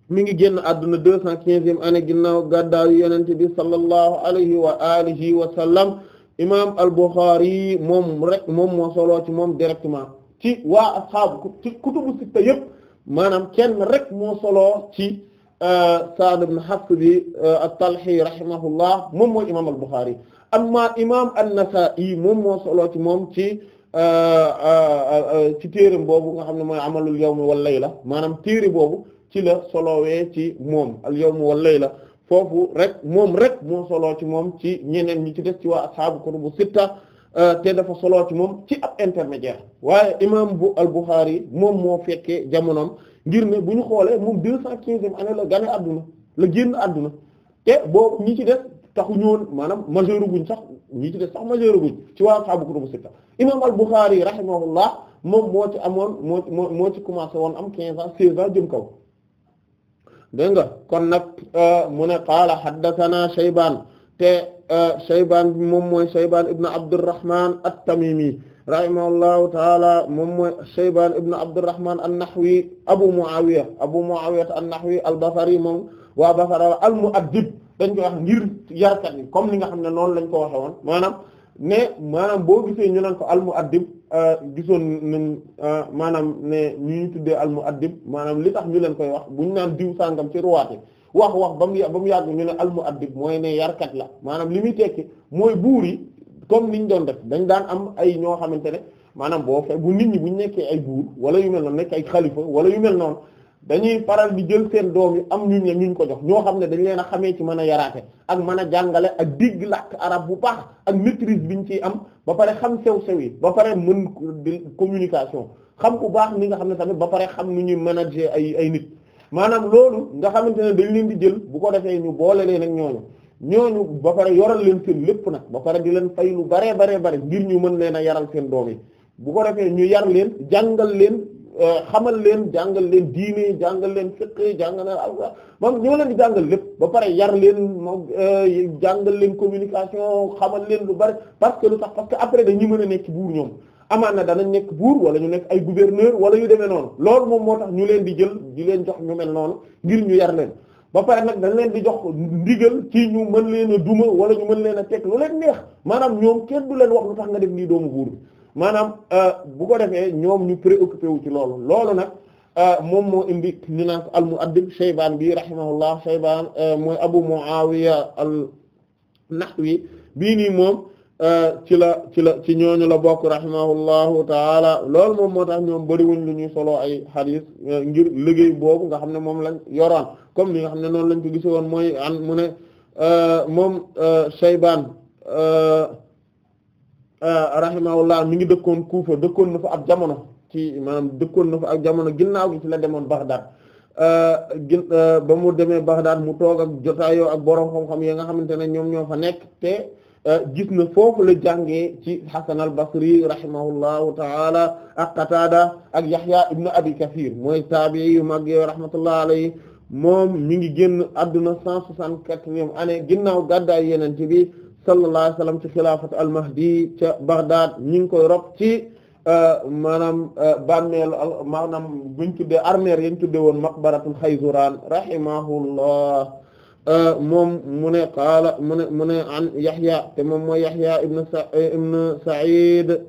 Speaker 2: mi ngi génn àdduna deux cent quinzième année ginnaaw gàddaa yu yonent bi sallallahu alayhi wa alihi wa sallam imaam al Bukhari moom rek moom moo solo ci moom directement ci waa asxaabu ci kutubu sitta yépp maanaam kenn rek moo solo ci. Sa'd ibn Hafs bi euh, at-Talhi rahimahullah moom mooy imaam al-Bukhari amma imaam an-Nasa'i moom moo solo ci moom ci euh, euh, ci téere boobu nga xam ne mooy amalul yawmi wal layla maanaam téere boobu ci la solowee ci moom al-yawmi wal layla foofu rek moom rek moo solo ci moom ci ñeneen ñi ci def ci waa ashaabu kutubu sitta Euh, te dafa solo ci moom ci ab intermédiaire waaye imam bu al-Bukhari moom moo fekkee jamonoom ngir ne bu ñu xoolee moom deux cent quinzième année la gane adduna la génn adduna te boo ñi ci des taxu ñëwoon maanaam majeure guñ sax ñi ci des sax majeure guñ ci waa xaabu kutubu sitta imam al-Bukhari rahimahullah moom moo ci amoon moo moo moo ci commencé woon am quinze ans seize ans jëm kaw dégg nga kon nag euh, mu ne qaala haddathana Shaybaan te Shaybaan bi moom mooy Shaybaan ibn Abdurrahman at-Tamimi rahimahullahu taala moom mooy Shaybaan ibn Abdurrahman an-Nahwi Abu Muawiya Abu Muawiya an-Nahwi al-Basri moom waa Basra al-Mu'addib dañ koy wax ngir yarkat yi comme li nga xam ne noonu lañ ko waxe woon maanaam ne maanaam boo gisee ñu naan ko al-Mu'addib euh, gisoon nañ euh, maanaam ne ñu ñu tuddee al-Mu'addib maanaam li tax ñu leen koy wax buñ naan diw sàngam ci ruwaate wax wax ba mu ba mu yàgg ñu ne almuaddib mooy ne yarkat la maanaam li muy tekki mooy buur yi comme niñ doon def dañ daan am ay ñoo xamante ne maanaam boo fe bu nit ñi bu ñu nekkee ay buur wala yu mel noonu nekk ay xalifa wala yu mel noonu dañuy paral di jël seen doom yi am ñu ne ñu ko jox ñoo xam ne dañ leen a xamee ci mën a yaraate ak mën a jàngale ak digg làkk arab bu baax ak bi ñu ciy am ba pare xam sew-sew yi ba pare mën communication xam bu baax ni nga xam ne ba pare xam nu ñuy manager ay ay nit maanaam loolu nga xamante ne dañ leen di jël bu ko defee ñu boole leen ak ñooñu ñooñu ba pare yoral leen seen lépp nag ba pare di leen fay lu baree baree bare ngir ñu mën leen a yaral seen doom yi bu ko defee ñu yar leen jàngal leen euh, xamal leen jàngal leen diine jàngal leen fiqh jàngal leen alxuraan moom ñoo leen di jàngal lépp ba pare yar leen moom euh, jàngal leen communication xamal leen lu bari parce que lu tax parce que après dañuy mën a nekk buur ñoom amaan na danañ nekk buur wala ñu nekk ay gouverneur wala yu demee noonu loolu moom moo tax ñu leen di jël di leen jox ñu mel noonu ngir ñu yar leen ba pare nag dañ leen di jox ndigal ci ñu mën leen a duma wala ñu mën leen a teg lu leen neex maanaam ñoom kenn du leen wax lu tax nga def nii doomu buur bi maanaam euh, bu ko defee ñoom ñu préoccupé wu ci loolu loolu nag euh, moom moo indi ñu naan al muaddib Shaybaan bi rahimahullah Shaybaan euh, mooy Abu Muawiya al Nahwi bii nii moom Eh, ci la ci la ci ñooñu la bokk rahimahullahu taala loolu moom moo tax ñoom bëriwuñ lu ñuy solo ay xadis eh, ngir liggéey boobu nga xam ne moom lañ yoroon comme li nga xam ne noonu lañ ko gise woon mooy an mu ne eh, moom Shaybaan rahimahullah mi ngi dëkkoon Kuufa dëkkoon na fa ab jamono ci maanaam dëkkoon na fa ak jamono ginnaaw gi ci la demoon Baghdad gin ba mu demee Baghdad mu toog ak jotaayoo ak borom xam-xam yi nga xamante ne ñoom ñoo fa nekk te Euh, gis na foofu la jàngee ci Hasan al-Basri rahimahullahu taala ak Qatada ak Yahya ibn Abi Kathir mooy taabii yu mag yooyu rahmatullahi alayhi moom mi ngi génn adduna cent soixante-quatrième année ginnaaw gàddaay Yonent bi sallallahu alayhi wa sallam ci xilaafatu al-Mahdi ca Baghdad ñi ngi koy rob ci euh, maanaam euh, bàmmeel maanaam buñ tuddee armeer yañ tuddee woon maqbaratul Khayzuran rahimahullah Euh, moom mu ne qaala mu ne mu ne an Yahya te moom mooy Yahya ibn sa ibn Sa'id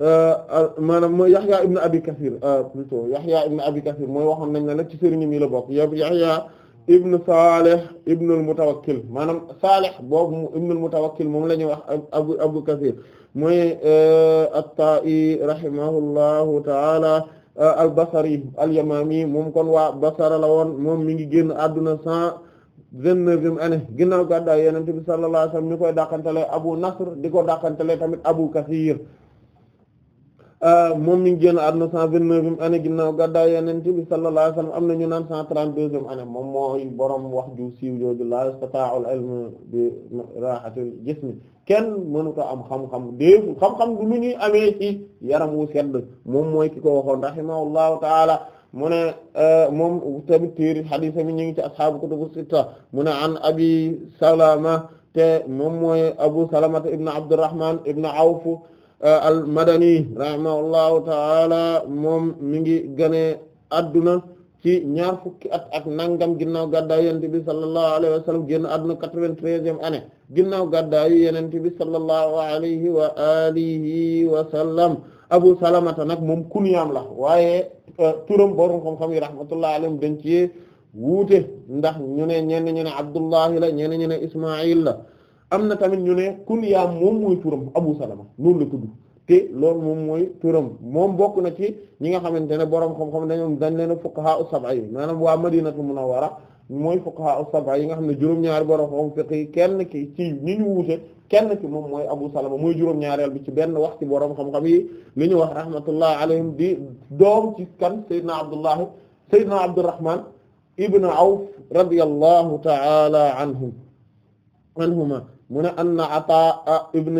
Speaker 2: euh, maanaam mooy Yahya ibn Abi Kathir euh, plutôt Yahya ibn Abi Kathir mooy waxoon nañ ne nag ci sëriñ mi la bokk Yahya ibn Salih ibn al-Mutawakkil maanaam Salih boobu ibn al-Mutawakkil moom la ñuy wax Abu Abu Kathir mooy at-Ta'i rahimahullahu ta'ala al-Basri al-Yamami moom kon waa Basra la woon moom mi ngi génn àdduna cent vingt-neuvième année ginnaaw gàddaay Yonent bi sallallahu alayhi wasallam ñu koy dàqantale Abu Nasr di ko dàqantale tamit Abu Kathir euh, moom mi ngi génn àdduna cent vingt-neuvième année ginnaw gàddaay Yonent bi sallallahu alayhi wasallam am na ñu naan cent trente-deuxième année moom mooy borom wax ju siiw jooju la istata'ul ilm bi rahatil jismi kenn mënu ko am xam-xam déefu xam-xam du lu ñuy amee ci yaram wu sedd moom mooy ki ko waxoon rahimahullahu ta'ala mu ne euh, moom tamit téeri xadis mi ñu ngi ci ashaabu kutubu sitta mu ne an abi salama te moom mooy abu salama ibn abdurrahman ibn awf euh, al madani rahimahullahu taala moom mi ngi gane adduna ci ñaar fukki at ak nangam ginnaaw gàddaayu yenente bi sallallahu alayhi wa sallam génn adduna quatre année ginnaaw gàddaayu yenente bi sallallahu alayhi wa alihi wa sallam abu salamata nag moom kunyaam la waaye Euh, turam borom xam-xam yi rahmatullahi alayhim dañ ci wuute ndax ñu ne ñenn ñu ne Abdullahi la ñenn ñu ne Ismaïl la am na tamit ñu ne kunyaam moom mooy turam Abu Salama noonu la tudd te loolu moom mooy turam moom bokk na ci ñi nga xamante ne borom xam-xam dañu dañ leen fuqaha as-sab'a maanaam waa Madinatu wara mooy fuqaha as-sab'a yi nga xam ne juróom-ñaari borom xam fiqh kenn ki ci ni ñu wuute kenn ki moom mooy Abu Salama mooy juróom-ñaareel bi ci benn wax ci borom xam-xam yi li ñu wax rahmatullah alayhim di doom ci kan Seydina Abdullah Seydina Abdurrahman ibn Awf radiyallahu ta'ala anhum anhuma mu ne anna Ataa ibn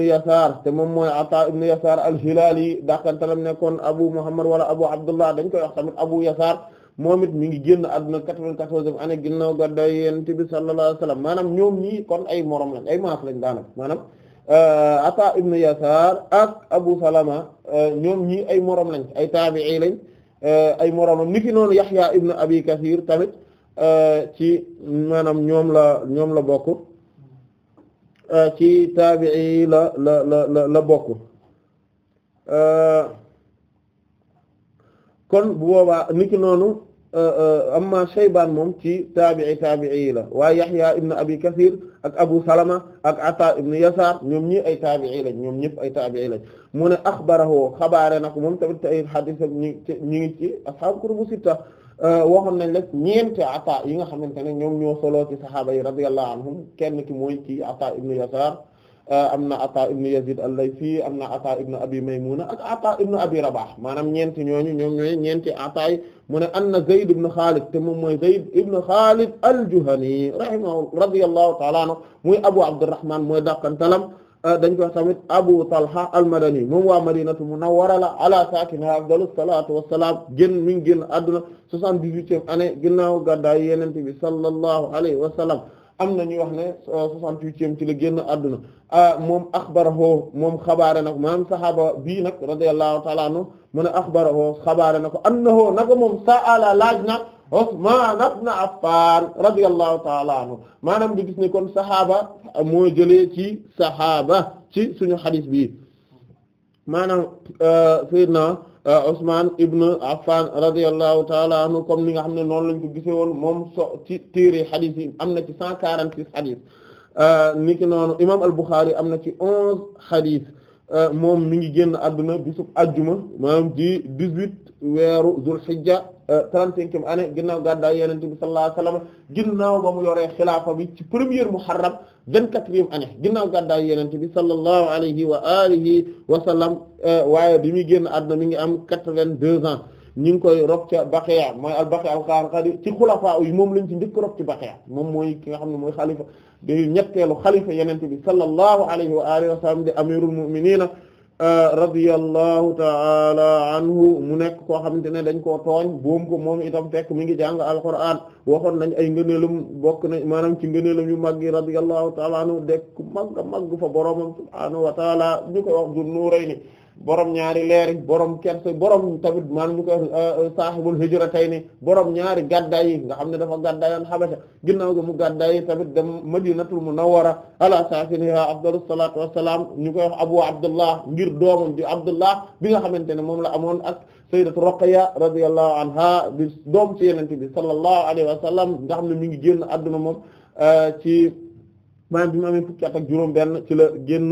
Speaker 2: moom mooy Ataa ibn Yasaar al nekkoon Abu Muhammad wala Abu Abdullah dañ koy wax tamit Abu Yasaar moom it mi ngi génn àdduna quatre-vingt-quatorzième année ginnaaw gàddaay yonent bi sallallahu alayhi wasallam maanaam ñoom ñii kon ay morom lañ ay maas lañ daanaka maanaam euh, Ata ibn Yasar ak Abu Salama euh, ñoom ñii ay morom lañ ay taabi'i lañ euh, ay moromam niki noonu Yahya ibn Abi Kathir tamit ci maanaam ñoom la ñoom la bokk ci taabi'i la la la la bokk. kon bu boobaa niki noonu euh, euh, amma Shaybaan moom ci taabi'i taabi'i yi la waaye Yahya ibn Abi Kathir ak Abu Salama ak Ata ibn Yasaar ñoom ñi ay taabi'i lañ ñoom ñëpp ay taabi'i lañ mu ne axbarahu xabaare na ko moom tamit ay hadiis ñi ñu ngi ci ashaabu kutubu sitta euh, waxoon nañ rek ñeenti Ata yi nga xamante ne ñoom ñoo solo ci saxaaba yi radiyallahu anhum kenn ki mooy ci Ata ibn Yasaar Euh, am na Ataa ibn Yazid al-Laythi am na Ataa ibn Abi Maymuna ak Ataa ibn Abi Rabah maanaam ñeenti ñooñu ñoom ñooy ñeenti Ataa yi mu ne anna Zayd ibn Khalid te moom mooy Zayd ibn Khalid al-Juhani rahimahu radiyallahu ta'ala anhu muy Abu Abdurrahman mooy dàqantalam euh, dañ koy tamit Abu Talha al-Madani moom waa Madinatu Munawwara la ala saakinihaa afdalu salaatu wa salaam génn mi ngi génn àdduna 78e année ginnaaw gàddaay Yonent bi sallallahu alayhi wa sallam am na ñuy wax ne euh, soixante-huitième ci la génn àdduna ah, moom axbarahu moom xabaare na ko saxaaba bii nag radiyallahu ta'ala anhu xabaare na ko annahu naka moom sa'ala laaj na Usman ibn Affan ta'ala anhu maanaam di gis ni kon saxaaba euh, moo jëlee ci saxaaba ci suñu xadiis bii maanaam euh, sayyidna Euh, Ousmane Ibn Affan radiyallahu taala anhu comme ni nga xam ne noonu lañ ko gisee woon moom so ci téere xadis yi am na ci cent quarante six xadis euh, ni ki noonu imam al-Bukhari am na ci onze xadis euh, moom mi ngi génn àdduna bisub ajjuma maam di dix huit weeru Zulhijja Euh, trente-cinquième année ginnaaw gàddaay Yonent bi sallallahu alayhi wasallam ginnaaw ba mu yoree xilaafa bi ci première muharram vingt-quatrième année ginnaaw gàddaay Yonent bi sallallahu alayhi wa alihi wa sallam euh, waaye bi muy génn àdduna mi ngi am quatre-vingt-deux ans ñu ngi koy rob ca Baqiya mooy al Baqi al Qarqari ci xulafaa yi moom lañ ci njëkk rob ci Baqiya moom mooy ki nga xam ne mooy xalifa day ñetteelu xalifa Yonent bi sallallahu alayhi wa alihi wa sallam di amirul mu'minina Euh, radiyallahu taala mu nekk koo xamante ne dañ ko tooñ boom ko moom itam fekk mu ngi jàng alquran waxoon nañ ay ngëneelam bokk nañ maanaam ci ngëneelam yu màgg yi radiyallahu taala anhu dekk màgg màgg fa boroomam subhaanahu wa ñu koy wax du nuurayni borom ñaari leeri borom kerse borom tamit maanaam ñu koy euh, euh, saahibul hijratayni borom ñaari gaddaay yi nga xam ne dafa gaddaayoon Habasha ginnaaw gi mu gaddaay yi tamit dem madinatul munawwara ala saakinihaa afdalus salaatu wassalaam ñu koy wax Abu Abdullah ngir doomam di Abdullah bi nga xamante ne moom la amoon ak sayyidatu Ruqayya radiyallahu anha bi doom ci yenente bi sallallahu alayhi wa sallam nga xam ne mu ngi génn adduna moom euh, ci maanaam bi mu amee fukki at ak juróom benn ci la génn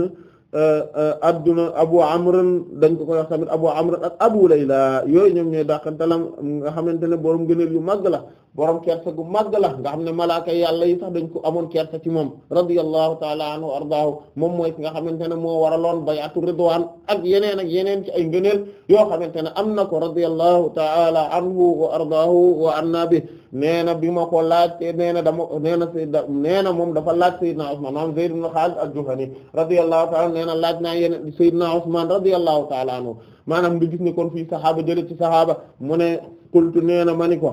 Speaker 2: Euh, euh, adduna abu amran dañ ko koy wax tamit abu amran ak abu layla yooyu ñoom ñooy dàqantalam nga xamante ne borom gëneel yu màgg la borom kersa gu màgg la nga xam ne malaaka yàlla yi sax dañ ko amoon kersa ci moom radiyallahu taala anhu ardaahu moom mooy ki nga xamante ne moo waraloon bayatu ridwaan ak yeneen ak yeneen ci ay ngëneel yoo xamante ne am na ko radiyallahu taala anhu wa ardaahu wa anna bi nee na bi ma ko laajte nee na dama nee na nee na moom dafa laaj sayyidna Usmaan maanaam Zayd ibn Xaalid al-Juhani radiyallahu nee na laaj naa yeneen Seydina Usmaan radiyallahu taala anhu maanaam nga gis ne kon fii saxaaba jële ci saxaaba mu ne qultu nee na ma ko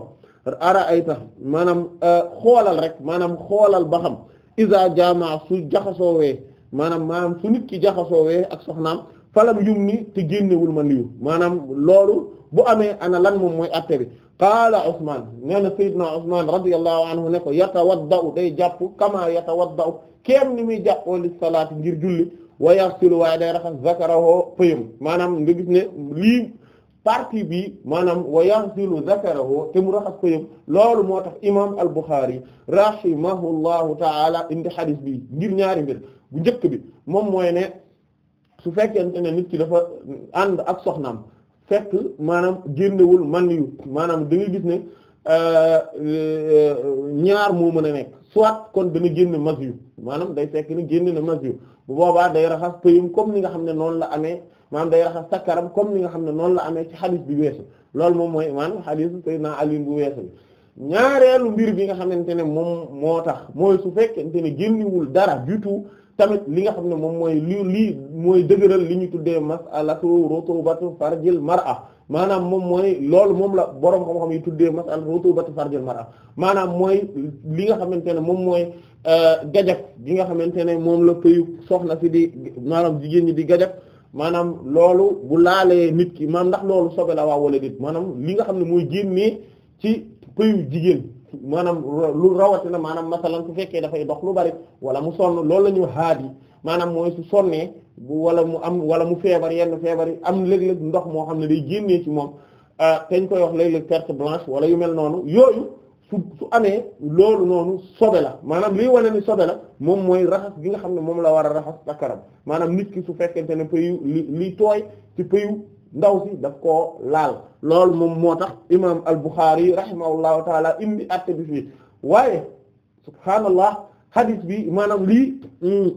Speaker 2: ara ayta maanaam euh, xoolal rek maanaam xoolal ba xam isa jamaa su jaxasoowee maanaam maanaam su nit ki jaxasoowee ak soxnaam falam yum ni te génnewul ma liyu maanaam loolu bu amee ana lan moom mooy atte bi qaala Usmaan nee na Seydina Usmaan radiyallahu anhu ne day jàpp kama yatawaddau kéem ni muy jàppoo li salaat julli wa yaxsilu waaye day raxas zakarahu fayam maanaam nga gis ne lii partie bi maanaam wa yaxsilu zakarahu te mu raxas fayam loolu moo tax imam al-Bukhari rahimahullahu taala indi xadis bi ngir ñaari mbir bu njëkk bi moom mooy ne su fekkente ne nit ki dafa ànd ak soxnaam fekk maanaam génnewul man yu maanaam da nga gis ne euh, euh, ñaar moo mën a nekk soit kon dana génn yu maanaam day fekk ni génn na masyu bu boobaa day raxas pëyum comme li nga xam ne noonu la amee maam day raxas sakkaram comme li nga xam ne noonu la amee ci xadis bi weesu loolu moom mooy maanaam xadis Seydina Ali bu weesu bi ñaareelu mbir bi nga xamante ne moom moo tax mooy su fekkente ne génniwul dara du tamit li nga xam ne moom mooy li lii mooy dëgëral li ñu tuddee mas'alatu rutubatu farjil mar'a maanaam moom mooy loolu moom la borom xam-xam yi tuddee masal rutubatu farjil mara maanaam mooy li nga xamante ne moom mooy euh, gajak gi nga xamante ne moom la pëyu soxna fi di maanaam jigéen ñi di gajak maanaam loolu bu laalee nit ki maanaam ndax loolu sobe la waa wala nit maanaam li nga xam ne mooy génnee ci pëyu jigéen maanaam lu rawatina maanaam masalan su fekkee dafay dox lu bari wala mu sonn loolu la ñu yi maanaam mooy su sonnee bu wala mu am wala mu feebar yenn feebar yi am léeg-léeg ndox moo xam ne day génnee ci moom ah, teñ koy wax léeg-léeg perte blanche wala yu mel noonu yooyu su su amee loolu noonu sobe la maanaam lii wane ni sobe la moom mooy raxas gi nga xam ne moom la war a raxas sakaram maanaam nit ki su fekkente ne pëyu li li tooy ci pëyu ndaw si daf ko laal loolu moom moo tax imam al-Bukhari rahimahullahu taala indi atte bi fii waaye subhaanallah hadith bi maanaam lii mm,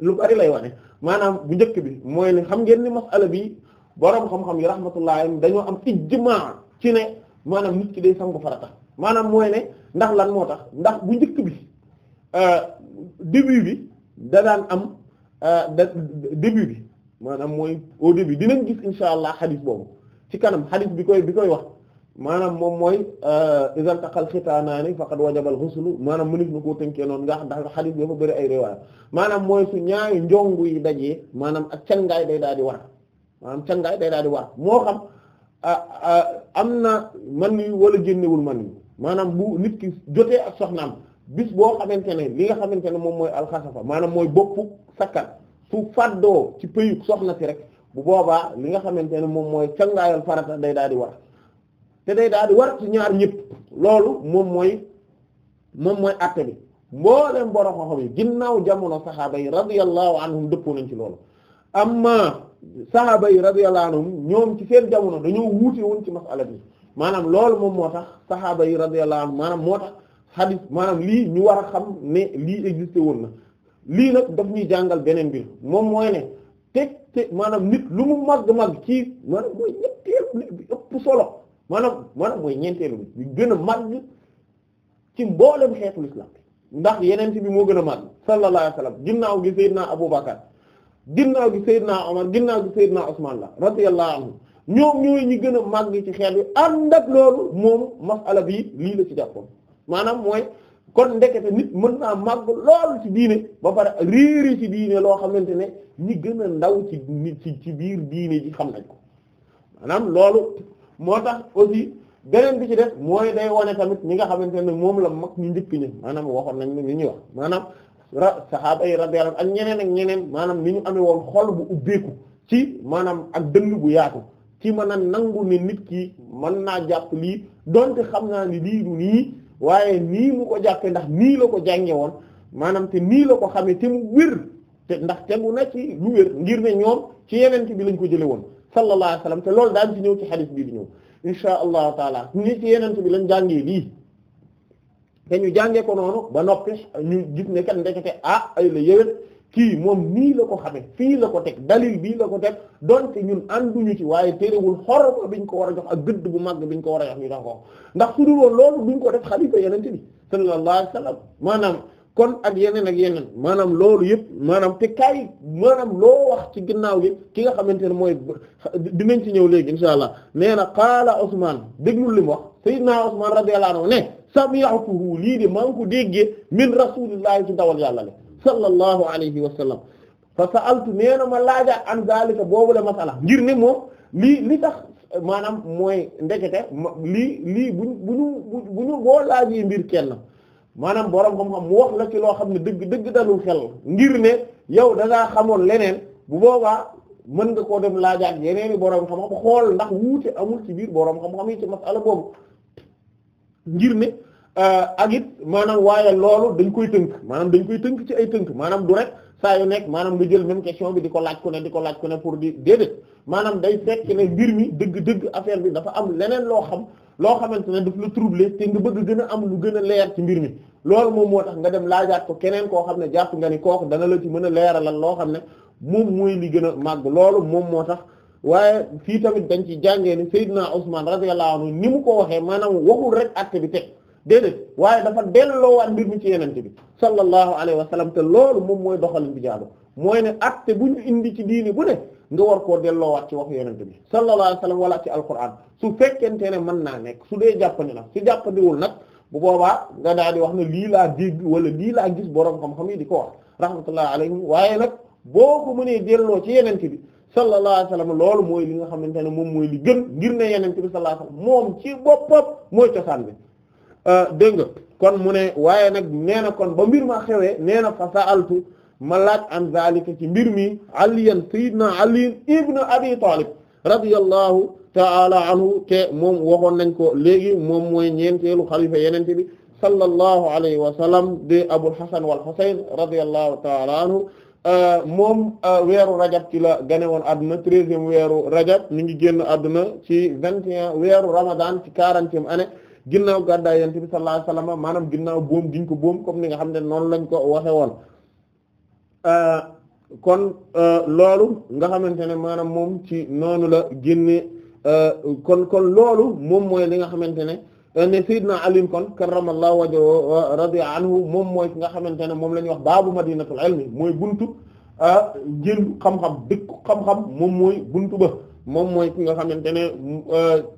Speaker 2: lu bari lay wane maanaam bu njëkk bi mooy ne xam ngeen ni masala bi borom xam-xam yi rahmatullahi dañoo am ijmaa ci ne maanaam nit ki day sangu farata maanaam mooy ne ndax lan moo tax ndax bu njëkk bi euh, début bi da daan am euh, début bi maanaam mooy au début dinañ gis insha allah xadis boobu ci kanam xadis bi koy bi koy wax maanaam moom mooy euh, iza taqal xitaanaani faqad wajabal ghuslu maanaam mënees na koo tënkee noonu nga xam ndax xadiis bi dafa bëri ay riwaaya maanaam mooy su ñaari njongu yi dajee maanaam ak cangaay day daal di war maanaam cangaay day daal di war moo xam am na man yu wala génnewul man yu maanaam bu nit ki jotee ak soxnaam bis boo xamante ne li nga xamante ne moom mooy alxasafa maanaam mooy boppu sakkat su faddoo ci pëyug soxna si rek bu boobaa li nga xamante ne moom mooy cangaayal farata day daal di war te day daal di war ci ñaar ñëpp loolu moom mooy moom mooy àtte bi mboolem borom xam-xam yi ginnaaw jamono saxaaba yi radiyallahu anhum dëppoo nañ ci loolu amma saxaaba yi radiyallahu anhum ñoom ci seen jamono dañoo wuute woon ci masala bi maanaam loolu moom moo tax saxaaba yi radiyallahu anhum maanaam moo tax xadis maanaam lii ñu war a xam ne lii existé woon na lii nag daf ñuy jàngal beneen mbir moom mooy ne teg te maanaam nit lu mu màgg-màgg ci maanaam solo maanaam maanaam mooy ñeenteelu bi gën a màgg ci mboolem xeetu lislaam ndax yeneen ci bi moo gën a màgg sallallahu alayhi wa sallam ginnaaw gi Seydina Abubakar ginnaaw gi Seydina Omar ginnaaw gi Seydina Usman la radiyallahu anhu ñoom ñooy ñi gën a màgg ci xeet bi ànd ak loolu moom masala bi lii la ci jàppoon maanaam mooy kon ndekete nit mën naa màgg loolu ci diine ba pare réeri ci diine loo xamante ne ñi gën a ndaw ci ci ci biir diine ji xam nañ ko maanaam loolu moo tax aussi beneen bi ci def mooy day wane tamit ñi nga xamante ne moom la mag ñu njëkk ñi maanaam waxoon nañ ni ñuy wax maanaam ra saxaaba ay radiyallahu ak ñeneen ak ñeneen maanaam ni ñu amee woon xol bu ubbeeku ci maanaam ak dënn bu yaatu ci mën a nangu ne nit ki mën naa jàpp lii donte xam naa ni lii du nii waaye nii mu ko jàppee ndax nii la ko jànge woon maanaam te nii la ko xamee ti mu wér te ndax tegu na ci lu wér ngir ne ñoom ci yeneen bi lañ ko jële woon sallallahu alayhi te loolu daan ci ñëw ci xadis bii di ñëw insha allahu taala ni ci yeneen bi lañ jàngee lii te ñu jàngee ko noonu ba noppi ñu gis ne kat ndekete ah ay la yëwét kii moom nii la ko xamee fii la ko teg dalil bii la ko teg donte ñun ànduñu ci waaye terewul xorma biñ ko war a jox ak gëdd bu màgg biñ ko war a jox ñu tax ko ndax su dul woon loolu duñ ko def xalifa yeneen bi sallallahu alayhi wa sallam maanaam kon ak yeneen ak yeneen maanaam loolu yëpp maanaam te kaay maanaam loo wax ci ginnaaw gi ki nga xamante ne mooy dinañ ci ñëw léegi insha allah nee na qaala Usmaan déglul li mu wax sayyidna Usmaan radiyallahu anhu ne sami'tuhu lii de maa ngi ko déggee min rasulillahi ci dawal yàlla le sallallahu alayhi wa sallam fa sa'altu nee na ma laaja an zalika boobu la masala ngir ne moom lii li tax maanaam mooy ndekete lii lii buñ buñu buñu boo laajee mbir kenn maanaam borom xam-xam mu wax la ci loo xam ne dëgg dëgg dalul xel ngir ne yow da ngaa xamoon leneen bu boobaa mën nga koo dem laajaat yeneen i xam-xam xool ndax wuute amul ci biir borom xam-xam yi ci masala boobu ngir ne euh, agit it maanaam waaye loolu dañ koy tënk maanaam dañ koy tënk ci ay tënk maanaam du rek saa yu nekk maanaam nga jël même question bi di ko laaj ku ne di ko laaj ku ne pour di déedéet maanaam day fekk ne mbir mi dëgg-dëgg affaire bi dafa am leneen loo xam loo xamante ne daf la troubler bëgg gën a am lu gën a leer ci mbir mi loolu moom moo tax nga dem laajaat ko keneen koo xam ne jàpp nga ni kooku dana la ci mën a leeralal loo xam ne moom mooy li gën a màgg loolu moom moo tax waaye fii tamit dañ ci jàngee ni Seydina Usman radiyallahu anhu ni mu ko waxee maanaam waxul rek acte bi teg déedéet waaye dafa delloowaat mbir mi ci yenente bi sallallahu alayhi wa sallam te loolu moom mooy doxalin bi jaadu mooy ne acte bu ñu indi ci diini bu ne nga war koo delloowaat ci waxu yenente bi sallallahu alayhi wa sallam wala ci alquran su fekkente ne mën naa nekk su dee jàppandi na su jàppandiwul nag bu boobaa nga daal di wax ne lii laa dégg wala lii laa gis borom xam-xam yi di ko wax rahmatullah alayhim waaye nag boo ko mënee delloo ci yeneen bi sallallahu alayhi wa sallam loolu mooy li nga xamante ne moom mooy li gën ngir ne yeneen bi sallallahu alayhi wa sallam moom ci boppam mooy cosaan bi euh, dégg nga kon mu ne waaye nag nee na kon ba mbir ma xewee nee na fa sa'altu ma laat an zalika ci mbir mi aliyan sayyidna ali ibn abi talib radiyallahu ta'ala anhu te moom waxoon nañ ko léegi moom mooy ñeenteelu xalifa yenente bi sallallahu alayhi wa sallam de Abul Hasan wal Husayn radiyallahu ta'ala anhu euh, moom euh, weeru rajab ci la gane woon adduna treizième weeru rajab mi ngi génn adduna ci vingt et weeru ramadan ci quarantième année ginnaaw gàddaay yonent bi sallallahu alayhi wasallam maanaam ginnaaw boom giñ ko boom comme ni nga xam ne noonu lañ ko waxe woon euh, kon loolu nga xamante ne maanaam moom ci noonu la génne Euh, kon kon loolu moom mooy li nga xamante ne euh, ne Seydina Ali kon karramallahu wajhahu wa radiya anhu moom mooy ki nga xamante ne moom la ñuy wax baabu madinatul ilmi mooy buntu euh, jël xam-xam dëkk xam moom mooy buntu ba moom mooy ki nga xamante ne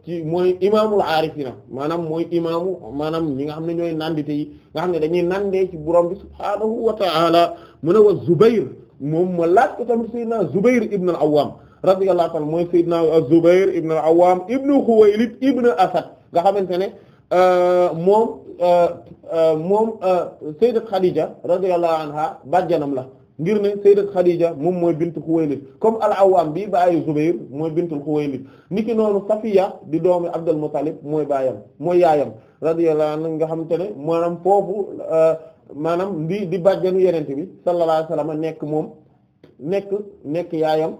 Speaker 2: ci mooy imaamul aarifina maanaam mooy imaamu maanaam ñi nga xam ne ñooy nandite yi nga xam ne dañuy nandee ci borom bi subhaanahu wa ta'ala mu ne wa Zubayr moom ma laaj ko tamit Seydina Zubayr ibn al-Awwam radiyallahu anhu mooy Seydina Az-Zubayr ibn al-Awwam ibn Khuwaylid ibn Asad nga xamante ne euh, moom euh, euh, moom Sayyidat Khadija radiyallahu anha bàjjanam la ngir ne Sayyidat Khadija moom mooy bintu Khuwaylid comme al-Awwam bi baayu Zubayr mooy bintu Khuwaylid niki noonu Safiya di doomi Abdul Muttalib mooy baayam mooy yaayam radiyallahu anhu nga xamante ne maanaam foofu maanaam di di bàjjanu yenente bi sallallahu alayhi wasallam nekk moom nekk nekk yaayam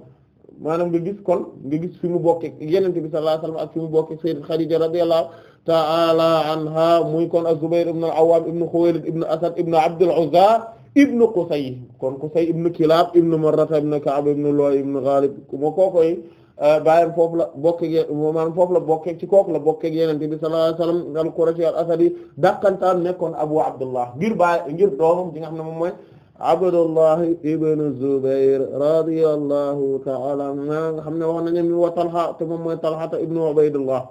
Speaker 2: maanaam nga gis kon nga gis fi mu bokkee yenente bi sallallahu alayhi wasallam ak fi mu bokkee sayyidat Khadija radiyallahu ta'ala anha muy kon az-Zubayr ibn al-Awwam ibn Khuwaylid ibn Asad ibn Abd al-Uzza ibn Qusay kon Qusay ibn Kilab ibn Marrata ibn Ka'b ibn Lu'ay ibn Ghalib moo kookoy eh, bàyyam foofu la bokkee maanaam foofu la bokkee ci kooku la bokkee yenente bi sallallahu alayhi wasallam al-Qurashi al-Asadi dàqantaan nekkoon Abu Abdullah ngir baay ngir doomam di nga xam ne moom mooy Abdullahi ibn Zubair radiyallahu ta'ala anhuma nga xam ne wax nañu mi wa Talha te moom mooy Talha ibn Ubaydullah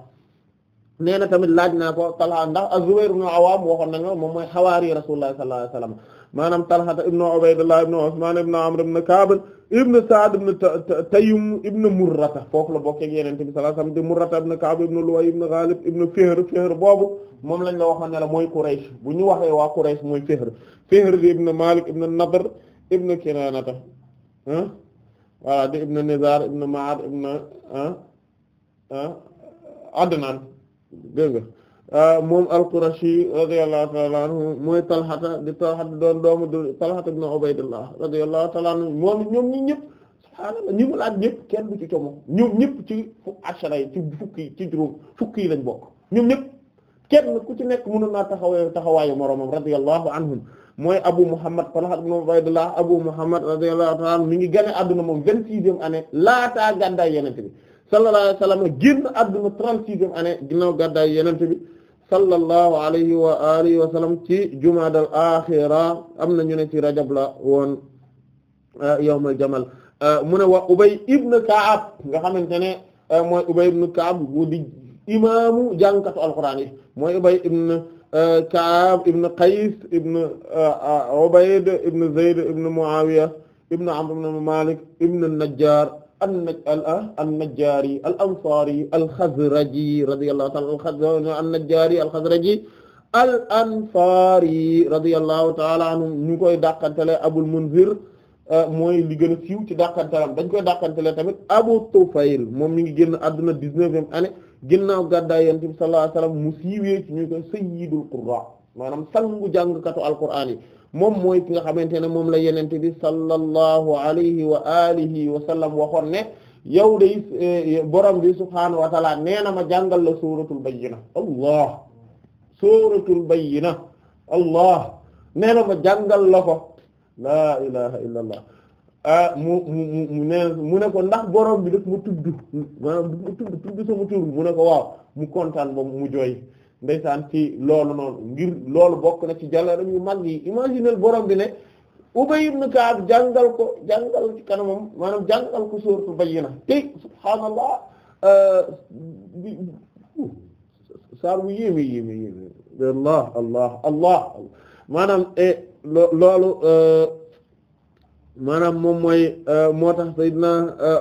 Speaker 2: nee na tamit laaj naa ko Talha ndax az-Zubair ibn Awwam waxoon nañu moom mooy xawaari Rasulullah sallallahu alayhi wasallam maanaam Talhata ibn Ubaydullah ibn Usman ibn Amr ibn Ka'b ibn Sa'd ibn Taym ibn Murrata foofu la bokk ak Yonent bi sallallahu alayhi wasallam di Murrata ibn Ka'b ibn Luway ibn Ghalib ibn Fihr Fihr boobu moom lañ la waxoon ne la mooy Quraysh bu ñu waxee waa Quraysh mooy Fihr Fihr ibn Malik ibn Nadr ibn Kinanata ah voilà di ibn Nizar ibn Ma'ad ibn ah, ah, Adnan Euh, moom al-Qurashi radiyallahu ta'ala anhu mooy Talhata di Talhata doon doomu Talhata ibn Ubaydillah radiyallahu ta'ala anhu moom ñoom ñi ñëpp subhaanallah ñi mu laaj ñëpp kenn du ci como ñoom ñëpp ci fukk ashara ci fukki ci juróom fukki yi bokk ñoom ñëpp kenn ku ci nekk mënoon naa taxawaayu taxawaayu moroomam radiyallahu anhum mooy Abu Muhammad Talhat ibn Ubaydullah Abu Muhammad radiyallahu ta'ala mi ngi gane adduna moom vingt-sixième année laataa gàddaay yenente bi sallallahu alayhi wa sallam génn adduna trente-sixième année ginnaaw gàddaay yenente sallallahu alayhi wa alihi wa sallam ci jumaadal axira am na ñu ne ci rajab la woon uh, yawmal jamal uh, mu ne wa ubay ibn kaab nga xamante ne uh, mooy ubay ibn kaab bu di imaamu jàngkatu alquraan yi mooy ubay ibn kaab ibn qays ibn ubayd ibn zayd ibn muawiya ibn amr ibn malik ibn najjar Ah, an-Najjaari al-Ansaari al-Xazraji radiyallahu ta'ala al-Xazraji an-Najjaari al-Xazraji al-Ansaari radiyallahu ta'ala anhu ñu koy dàqantele Abul Munzir ah, mooy li gën a siiw ci dàqantelam dañ koy dàqantele tamit Abu Tufayl moom mi ngi génn àdduna dix-neuvième année ginnaaw gàddaay Yonent bi sallallahu alayhi wasallam mu siiwee ci ñu koy sayyidul qurra maanaam sangu jàngkatu Alquraan yi moom mooy ki nga xamante ne moom la yenente bi sallallahu alayhi wa alihi wa sallam waxoon ne yow day eh, borom bi subhaanahu wa taala nee na ma jàngal la suratul bayyina allah suratul bayyina allah nee na ma jàngal la ko laa ilaha illa ah, mu mu mu ne mu ne ko ndax borom bi daf mu tudd maanaam daf ma tudd tudd sama mu ne ko waaw mu kontaan ba mu jooy ndeysaan ci loolu noonu ngir loolu bokk na ci jàllaram yu mag yi imaginel borom bi ne Ubay ibn Kaab jàngal ko jàngal ci kanamam maanaam jàngal ko sóortu bayyina te subhaanallah euh, saar bu yéeme yéeme yéeme allah allah allah maanaam e, euh, moom mooy euh, moo tax Seydina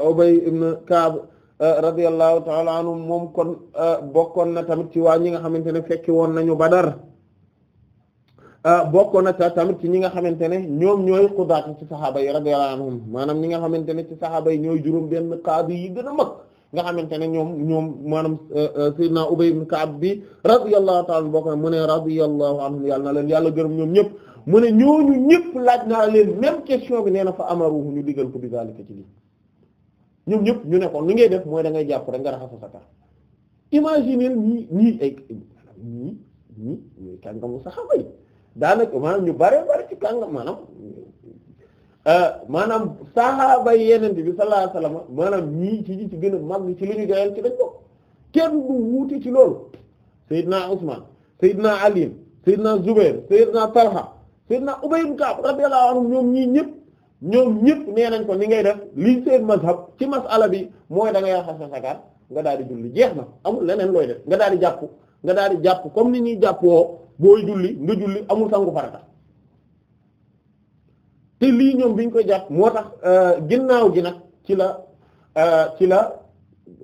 Speaker 2: Ubay ibn Kaab Euh, radiyallahu taala anhum moom kon euh, bokkoon na tamit ci waa ñi nga xamante ne fekki woon nañu Badar euh, bokkoon na tamit ci ñi nga xamante ne ñoom ñooy xudaat ci saxaaba yi radiyallahu anhum maanaam ñi nga xamante ne ci saxaaba yi ñooy juróom benn kaadu yi gën a mag nga xamante ne ñoom ñoom maanaam sayyidina Ubay ibn Ka'b bi radiyallahu taala bokk na mu ne radiyallahu anhum yàlla na leen yàlla gërëm ñoom ñëpp mu ne ñooñu ñëpp laaj naa leen même question bi nee na fa amaruhu ñu digal ko bi zalika ci lii ñoom ñëpp ñu ne ko li ngay def mooy da ngay jàpp rek nga raxasu sa kar imaginer ñii ñii ay ñii ñii ñooy kàngamu saxaaba yi daanaka maanaam ñu bare bare ci kàngam maanaam euh, maanaam saxaaba yeneen bi sallallahu alayhi wasallam maanaam ñii ci ñi ci gën a mag ci li ñu doyal ci dañ ko kenn du wuute ci loolu Seydina Usman Seydina Ali Seydina Zubair Seydina Talha Seydina Ubay ibn Ka'b radiyallahu anhum ñoom ñii ñëpp ñoom ñëpp nee nañ ko ni ngay def li seen mazhab ci masala bi mooy da ngay raxas sa sagar nga daal di julli jeex na amul leneen looy def nga daal di jàpp nga daal di jàpp comme ni ñuy jàppoo booy julli nga julli amul sangu farata te lii ñoom bi ñu koy jàpp moo tax euh, ginnaaw gi nag ci la euh, ci la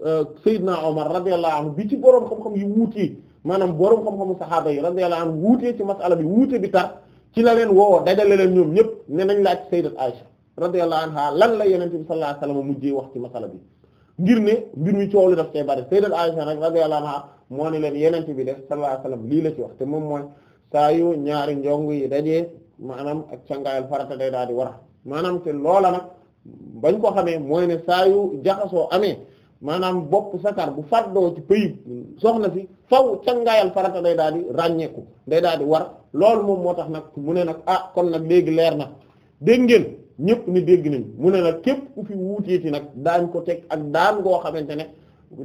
Speaker 2: euh, Seydina Omar radiyallahu anhu bi ci boroom xam-xam yu wuutee maanaam boroom xam-xamu saxaaba yi radiyallahu anhu wuutee ci masala bi wuute bi tar ci la leen woo dajale leen ñoom ñëpp ne nañ laaj sayyidat Aisha radiyallahu anha lan la yonent bi sallallahu alayhi wasallam mujjee wax ci masala bi ngir ne mbir mi coow li daf cay bari sayyidat Aisha nag radiyallahu anha moo ne leen yonent bi def sallallahu alayhi wasallam lii la ci wax te moom mooy saa yu ñaari njong yi dajee maanaam ak cangaayal farata day daal di war a maanaam te loola nag bañ koo xamee mooy ne saa yu jaxasoo amee maanaam bopp sakar bu doo ci pëyib soxna si faw cangaayal farata day daal di ràññeeku day daal di war loolu moom moo tax nag mu ne nag ah kon nag léegi leer na dégg ngeen ñëpp ni dégg nañ mu ne nag képp ku fi wuuteeti nag daañ ko teg ak daan goo xamante ne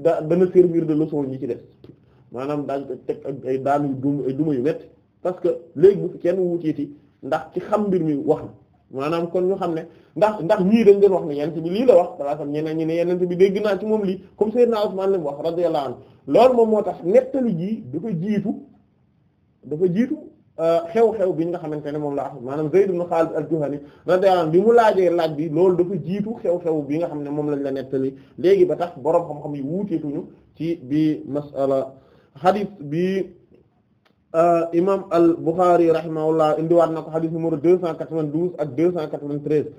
Speaker 2: da dana servir de leçon ñi ci def maanaam daañ ko teg ak ay daan yu dum duma yu métti parce que léegi bu fi kenn wuuteeti ndax ci xam mbir mi wax na maanaam kon ñu xam ne ndax ndax ñii dañ doon wax ne yenente bi lii la wax sallallahu alayhi wasallam ñeneen ñi ne yenente bi dégg naa ci moom lii comme sayyidna Usman lim wax radiyallahu anhu loolu moom moo tax nettali jii dafa jiitu dafa jiitu euh, xew-xew bi nga xamante ne moom la maanaam Zayd ibn Khalid al-Juhani bi mu laajee laaj bi loolu dafa jiitu xew-xew bi nga xam ne moom lañ la nettali léegi ba tax boroom xam-xam yi wuuteetuñu ci bi masala hadith bi Euh, imam al Bukhari rahimahullah indiwaat na ko xadis numéro deux cent quatre-vingt-douze ak deux cent quatre-vingt-treize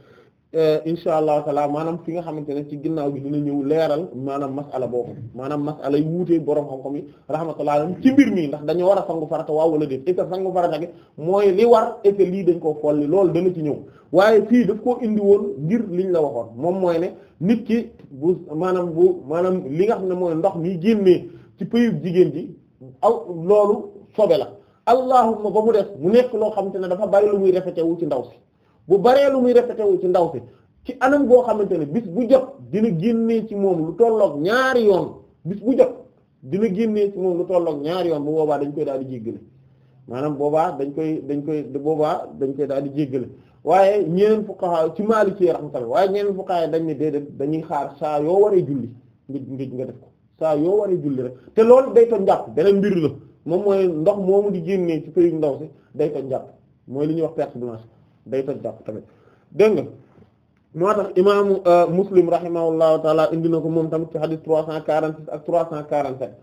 Speaker 2: euh, insha allahu taala maanaam fi nga xamante ne ci ginnaaw gi dina ñëw leeral maanaam masala boobu maanaam masala yi wuutee borom xam-xam yi rahmatullah alayhim ci mbir mi ndax dañu war a sangu farata waaw wala déet et que sangu farata gi mooy li war et lii dañ koo folli loolu dana ci ñëw waaye fii daf koo indi woon ngir liñ la waxoon moom mooy ne nit ki bu maanaam bu maanaam li nga xam ne mooy ndox mi génnee ci pëyu jigéen ji aw loolu sobe la allahumma ba mu def mu nekk loo xamante ne dafa bari lu muy répété ci ndaw si bu baree lu muy répété ci ndaw si ci anam goo xamante ne bis bu jot dina génnee ci moom lu tolloog ñaari yoon bis bu jot dina génnee moom lu tolloog ñaari yoon bu boobaa dañ koy daal di jéggale maanaam boobaa dañ koy dañ koy boobaa dañ koy daal di jéggale waaye ñeneen fuqaha ci Maliki rahmatullah waaye ñeneen fuqaha dañ ne déedéet dañuy xaar saa yoo waree julli nga nga def ko saa yoo waree julli rek te loolu day toon njàpp beneen mbir la. moom mooy ndox moom di génnee ci pëyu ndaw si day toj jàpp mooy li ñuy wax perte blanche day toj jàpp tamit dégg nga moo tax imaamu euh, muslim rahimahullahu taala indi na ko moom tamit ci hadith trois cent quarante-six ak trois cent quarante-sept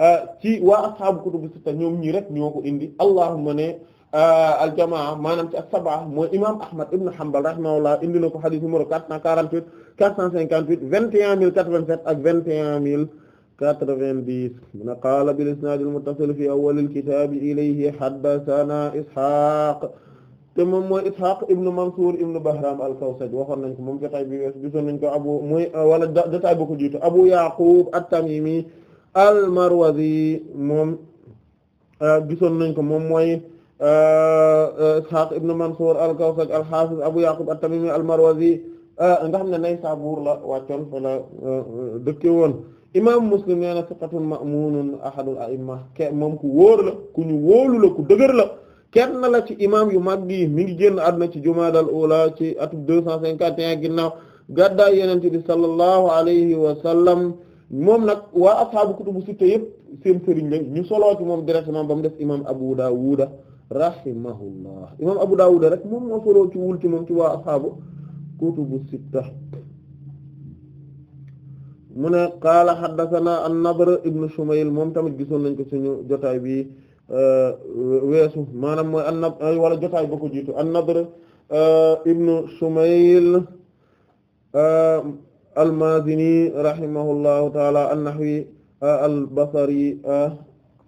Speaker 2: euh, ci waa ashaabu kutubu sitta ñoom ñii rek ñoo ko indi allahumma ne euh, aljamaa maanaam ci as-sab'a mooy imaam Ahmad ibn Hanbal rahimahullah indi na ko hadith numéro quatre quarante-huit quatre cent cinquante-huit vingt et un mille quatre vingt et un mille 90 mu ne qaala bil isnaadil muttasil fi awwalil kitaabi ilayhi haddasanaa Ishaaq te moom mooy Ishaaq ibn Mansuur ibn Bahraam al-Kawsaj waxoon nañ ko moom jotaay bi wees gisoon nañ ko abu muy wala jotaay bu ko jiitu Abu Yaquub at-Tamiimi al-Marwazi moom euh, gisoon nañ ko moom mooy euh, euh, Ishaaq ibn Mansuur al-Kawsaj al-Haafiz Abu Yaquub at-Tamiimi al-Marwazi nga xam ne Naysaabuur la wàccoon fa la dëkke woon imam muslim nee na siqatun ma'munun ahadul a'imma ke moom ku wóor la ku ñu wóolu la ku dëgër la kenn la ci imam yu mag yi mi ngi génn àdduna ci jumaadal ula ci atub deux cent cinquante et un ginnaaw gàddaay yenente bi sallallahu alayhi wa moom nag waa ashaabu kutubu sitta yëpp seen sëriñ lañ ñu soloo ci moom directement ba mu def imam abu dawuda rahimahullah imam abu dawuda rek moom moo soloo ci wul ci moom ci waa ashaabu kutubu sitta mu ne qaala haddathana an-Nadr ibn Shumayl moom tamit gisoon nañ ko suñu jotaay bi euh, weesu maanaam mooy an-Nadr wala jotaay ba ko jiitu an-Nadr euh, ibn Shumayl euh, al-Mazini rahimahullahu taala an-Nahwi al-Basri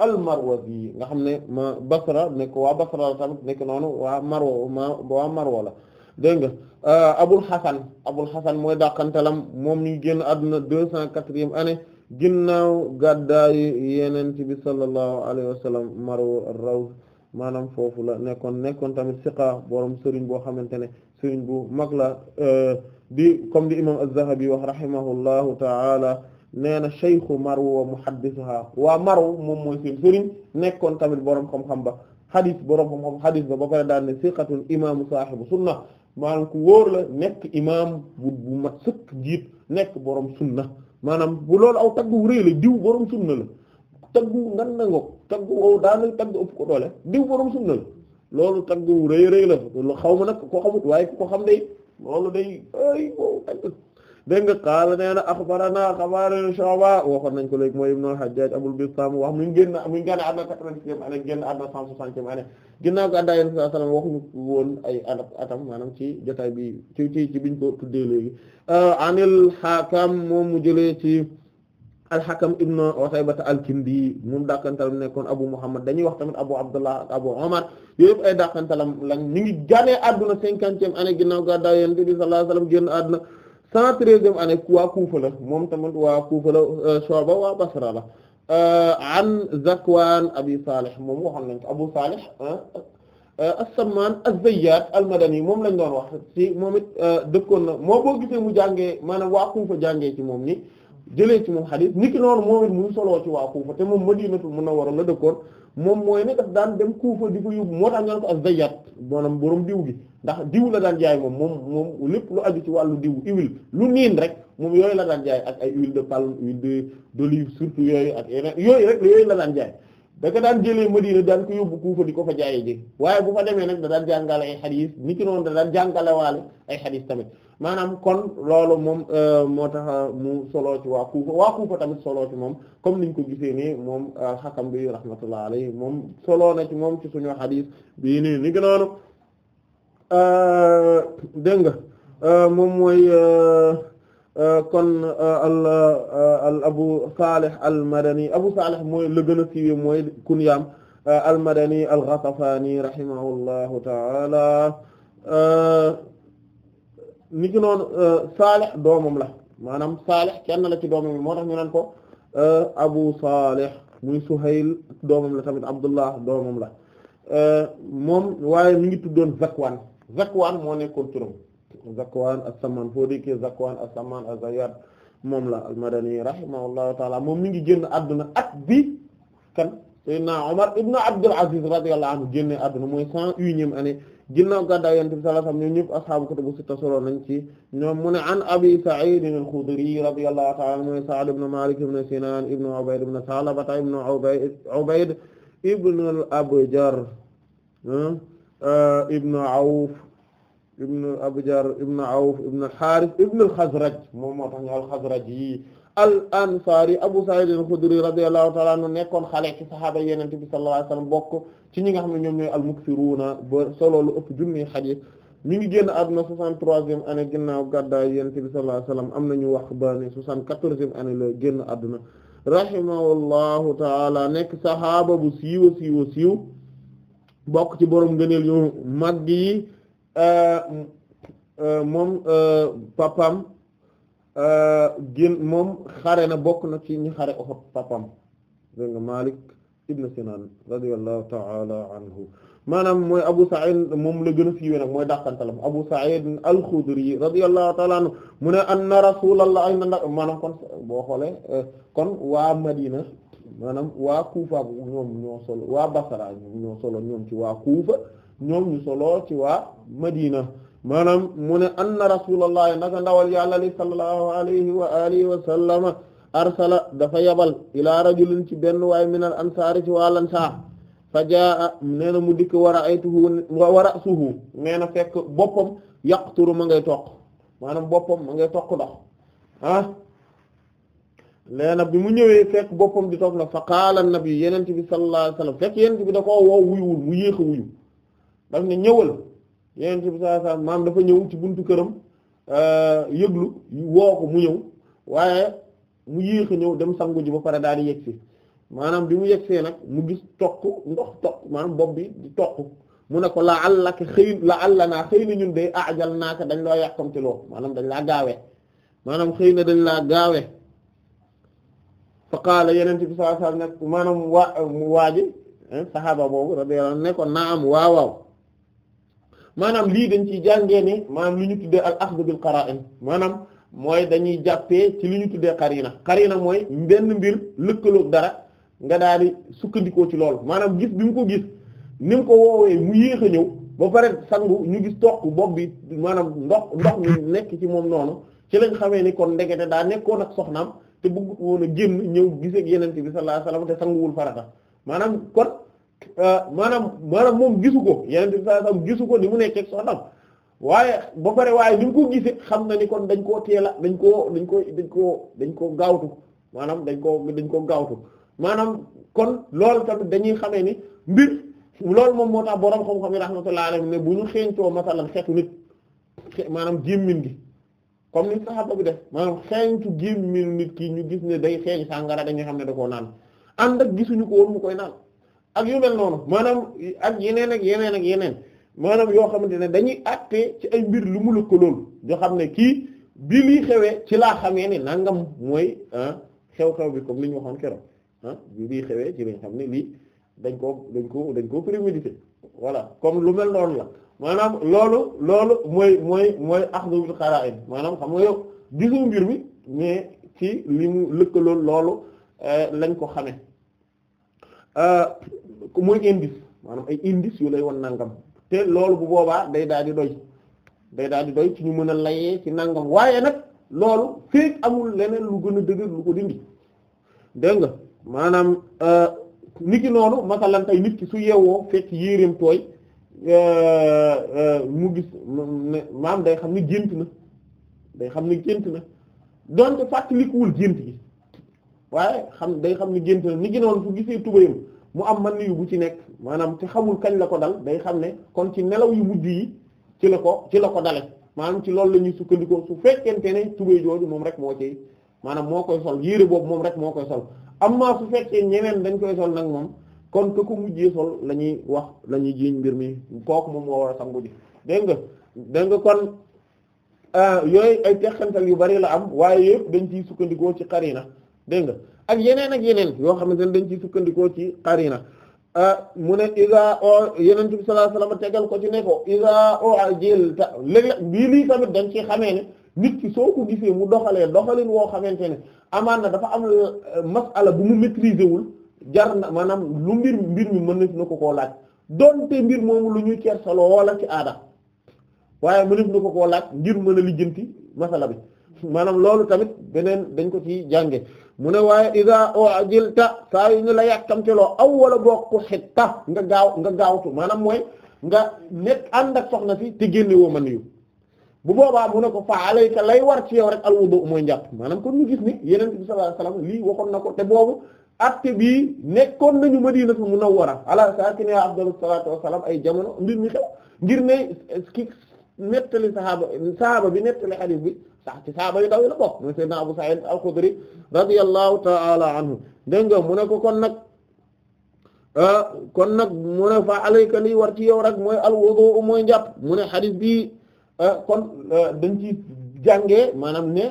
Speaker 2: al-Marwazi nga xam ne ma Basra nekk waa Basra la tamit nekk noonu waa Marwa waa Marwa la dégg nga euh, Abul Hasan Abul Hasan mooy dàqantalam moom ñu génn àdduna deux cent quatrième année ginnaaw gàddaayu Yonent bi sallallahu alayhi wa sallam Marw ar-Rawd maanaam foofu la nekkoon nekkoon tamit siqa borom sëriñ boo xamante ne sëriñ bu mag la euh, di comme di imam az-Zahabi wax rahimahullahu ta'ala nee na shaykhu Marw wa muhaddisuha waa Marw moom mooy seen sëriñ nekkoon tamit borom xam-xam ba xadis borom moom xam xadis ba ba pare daal ne siqatun imaamu saahibu sunna maanaam ku wóor la nekk imaam bu mat sëkk jiit nekk borom sunna maanaam bu loolu aw tagg wu rëy la diw borom sunna la taggu ngan na ngoog taggu wow daana tagg ëpp ko doole diw borom sunna la loolu tagg wu rëy rëy la xaw ma nag ko xamut waaye ko xam day loolu day ay wow tagg dégg nga qaala nee na axbarana xabaran Shu'ba waxoon nañ ko léegi mooy ibnu al-Hajjaj Abul Bistam wax mu ngi génn mu ngi génn àdduna quatre-vingt-sixième année génn àdduna cent soixantième année ginnaaw ko àndaa yén saa sallam waxuñu woon ay atam maanaam ci jotaay bi ci ci ci biñ ko tuddee léegi euh, anil Hakam moom mu jëlee ci al-Hakam ibn Utaybata al-Kindi moom dàqantalam nekkoon Abu Muhammad dañuy wax tamit Abu Abdullah ak Abu Umar yëpp ay dàqantalam lañ ñu ngi ganee àdduna cinquantième année ginnaaw ko àndaa yén te bi sallallahu alayhi wasallam génn àdduna cent treizième année waa Kufa la moom tamit waa Kufa la euh, Shu'ba waa Basra la euh, an Zakwan Abi Salih moom waxoon nañ ko Abu Salih euh, as-Samman az-Zayyat al-Madani moom lañ doon wax ci moom it dëkkoon na moo boo gisee mu jàngee maanaam waa Kufa jàngee ci moom ni jëlee ci moom xadiis niki noonu moom it mu soloo ci waa Kufa te moom Madinatul Munawwara la dëkkoon moom mooy ne daf daan dem kuufa di ko yóbbu moo tax ñu naan ko ak zayyat maanaam borom diw gi ndax diw la daan jaay moom moom moom lépp lu aju ci wàllu diw huile lu niin rek moom yooyu la daan jaay ak ay huile de palme huile de d'olive surtout yooyu ak yeneen yooyu rek yooyu la daan jaay da ko daan jëlee Madina daan ko yóbbu Kufa di ko fa jaayee ji waaye bu fa demee nag da daan jàngale ay xadis ni ki noonu da daan jàngale waale ay xadis tamit maanaam kon loolu moom euh, moo tax euh, mu solo ci waa Kufa waa Kufa tamit solo ci moom comme niñ ko gisee nii moom euh, xakam bi rahmatullah alayhi moom solo na ci moom ci suñu xadis bii nii ni ki noonu dégg nga moom mooy. Euh, kon euh, al euh, al Abu Salih al Madani Abu Salih mooy la gën mooy kunyaam al Madani al Ghatafani rahimahullahu ta'ala ni ki noonu doomam la maanaam Salih kenn la ci doomam moo tax ñu naan ko Abu Salih muy Suhayl doomam la tamit Abdullah doomam la moom waaye mi ngi tuddoon Zakwaan Zakwaan moo nekkoon turam. Zakwan as-Samman Fodi ki Zakwan as-Samman az-Zayyat moom la al-Madani rahimahullahu taala moom mi ngi génn adduna at bi kan Seydina Omar ibn Abdul Aziz radiyallahu anhu génne adduna mooy cent unième année ginnaaw gàddaay Yonent bi sallallahu alayhi wasallam ñoom ñëpp ashaabu kutubu sitta solo nañ ci ñoom mu ne an Abi Sa'id al-Khudri radiyallahu taala mooy Sa'd ibn Malik ibn Sinan ibn Ubayd ibn Salabata ibn Ubayd ibn al-Abjar hmm, uh, ibn Awf ibn Abjar ibn Awf ibn al-Harith ibn al moom moo tax ñu al-Khazraj yi al-Ansari Abu Sa'id al-Khudri radiyallahu ta'ala anhu nekkoon xale ci saxaaba Yonent bi sallallahu alayhi ñi nga xam ne ñoom ñooy al-muksiruna ba solo lu ëpp junni xadiis mi ngi génn àdduna 63e année ginnaaw gàddaay Yonent bi sallallahu alayhi wasallam am nañu wax ba ne 74e année la génn àdduna rahimahullahu ta'ala nekk saxaaba bu siiw siiw siiw bokk ci borom gëneel yu mag yi. Euh, euh, moom euh, papam gén moom xare na bokk na ci ñi xare Uhud papam dégg nga Malik ibn Sinan radiyallahu ta'ala anhu maanaam mooy Abu Sa'id moom la gën a siiwee nag mooy dàqantalam Abu Sa'id al-Khudri radiyallahu ta'ala anhu mu ne anna Rasulullah maanaam kon boo xoolee kon waa Madina maanaam waa Kufa ñoom ñoo solo waa Basra ñoom ñoo solo ñoom ci waa Kufa ñoom ñu solo ci waa Madina maanaam mu ne anna rasulullahi naka ndawal yàlla li sallallahu alayhi wa alihi wa sallama arsala dafa yabal ilaa rajulin ci benn waay minal ansaari ci waa lansaar fa jaa nee mu dikk wa ay wa ra'suhu nee na fekk boppam yaqturu ma ngay toq maanaam boppam ma ngay toq ndox ah nee na bi mu ñëwee fekk boppam di toog la fa qaala nabi yenent bi sallallahu alayhi wasallam fekk yenent bi da koo woo wuyuwul mu yéex wuyu daf ne ñëwal yenente bi sallallahu alayhi wasallam maam dafa ñëw ci buntu këram euh, yëglu woo mu ñëw waaye mu yéex a ñëw dem sangu ba pare daal di yegsi maanaam bi mu yegsee nag mu gis toq ndox toq maanaam bopp bi di toq mu ne ko la àllaka xëy la àlla naa xëy dañ loo yàqamte dañ laa gaawee maanaam xëy dañ laa gaawee fa qaala yenente bi sallallahu alayhi wasallam nag maanaam waa waaw waaw maanaam lii dañ ciy jàngee ni maanaam li ñu tuddee al axd bil qara'in maanaam mooy dañuy jàppee ci li ñu tuddee qarina qarina mooy benn mbir lëkkaloog dara nga daal di sukkandikoo ci lool maanaam gis bi mu ko gis ni mu ko woowee mu yéex a ñëw ba pare sangu ñu gis toq bopp bi maanaam ndox ndox mi nekk ci moom noonu ci lañ xamee ni kon ndekete daa nekkoon ak soxnaam te bëgg woon a génn ñëw gisee ak yeneen bi sallallahu alayhi wasallam te sanguwul farata maanaam kon. Euh, maanaam maanaam moom gisu ko yenente bi sallallahu alayhi gisu ko ni mu nekk ak soxnaam waaye ba pare waaye ni mu ko gisee xam na ni kon dañ koo teela dañ koo dañ koo dañ koo dañ koo gaawtu maanaam dañ koo dañ koo gaawtu maanaam kon loolu tamit dañuy xamee ni mbir loolu moom moo tax boroom xam-xam yi rahmatullahi alayhi ne bu ñu xeeñtoo masalan xeetu nit maanaam gémmin gi comme ni saxaba bi def maanaam xeeñtu gémmin nit ki ñu gis ne day xeeñ sàngara dañuy xam ne da koo naan ànd ak gisuñu ko woon mu koy naan ak yu mel noonu maanaam ak yeneen ak yeneen ak yeneen maanaam yoo xamante ne dañuy àttee ci ay mbir lu mu lëkkalool yoo xam ne kii bi lii xewee ci laa xamee ne nangam mooy ah, xew bi comme li waxoon keroog ah, bi lii xewee ci xam ne lii dañ ko dañ ko dañ koo prémédité voilà comme lu mel noonu la maanaam loolu loolu mooy mooy mooy axdu bil qara'in maanaam xam nga yow gisoo mbir mi mais ci li mu lëkkalool loolu eh, lañ ko xamee euh, mooy indice maanaam ay indice yu lay wan nangam te loolu bu boobaa day daal di doy day daal di doy ci ñu mën a layee ci nangam waaye nag loolu feek amul leneen lu gën a dëgër lu ko dindi dégg nga maanaam euh, niki noonu masalan tey nit ki su yeewoo fekk yéreem tooy euh, euh, mu gis maam day xam ni gént na day xam ni gént na donte fàttalikuwul gént yi waaye xam day xam ni gént na niki noonu su gisee tubayam mu am man yu bu ci nekk maanaam te xamul kañ la ko dal day xam ne kon ci nelaw yu mujj yi ci la ko ci la ko dale maanaam ci loolu la ñuy sukkandikoo su fekkente ne tubéy jooju moom rek moo ci maanaam moo koy sol yére boobu moom rek moo koy sol amma su fekkee ñeneen dañ koy sol nag moom kon ku ko mujjee sol la ñuy wax la ñuy jiiñ mbir mi kook moom moo war a sangu di dégg nga dégg nga kon euh, yooyu ay texantal yu bari la am waaye yëpp dañ ciy sukkandikoo ci xarina dégg nga ak yeneen ak yeneen yoo xamante ne dañ ci sukkandikoo ci qarina ah, mu ne iza o yeneen bi sallallahu alayhi tegal ko ci ne ko iza o ajil ta léeg-léeg bii lii tamit dañ ci xamee ne nit ki soo ko gisee mu doxalee doxalin woo xamante ne amaan na dafa am euh, masala bu mu maîtriser wul jar na maanaam lu mbir mbir mi mën na ko ko laaj donte mbir moomu lu ñuy kersaloo wala ci aada waaye mën na ko koo laaj ngir mën a lijjanti masala bi maanaam loolu tamit beneen dañ ko ci jànge mu ne waaye iza ujilta saa yu ñu la yàkkamtiloo aw wala bokku xitta nga gaaw nga gaaw gaawtu maanaam mooy nga nekk ànd ak soxna si te génne woo man yu bu boobaa mu ne ko fa alayka lay war ci yow rek al wudu mooy njàpp maanaam kon ñu gis ni yeneen bi sallallahu lii waxoon na ko te boobu acte bii nekkoon nañu Madinatu Munawwara ala saakinihaa afdalu salaatu wassalaam ay jamono mbir mi xew ngir ne ki nettali saxaaba saxaaba bi nettali xadiis bi sax ci saaba yu ndaw yi la bokk mooy sayyidina Abu Sa'id al-Khudri radiyallahu ta'ala anhu dégg nga ko kon nag ah, kon nag mu fa alayka li war ci yow rek mooy al-wudu mooy njàpp mu ne xadis bii ah, kon ah, dañ ci jànge maanaam ne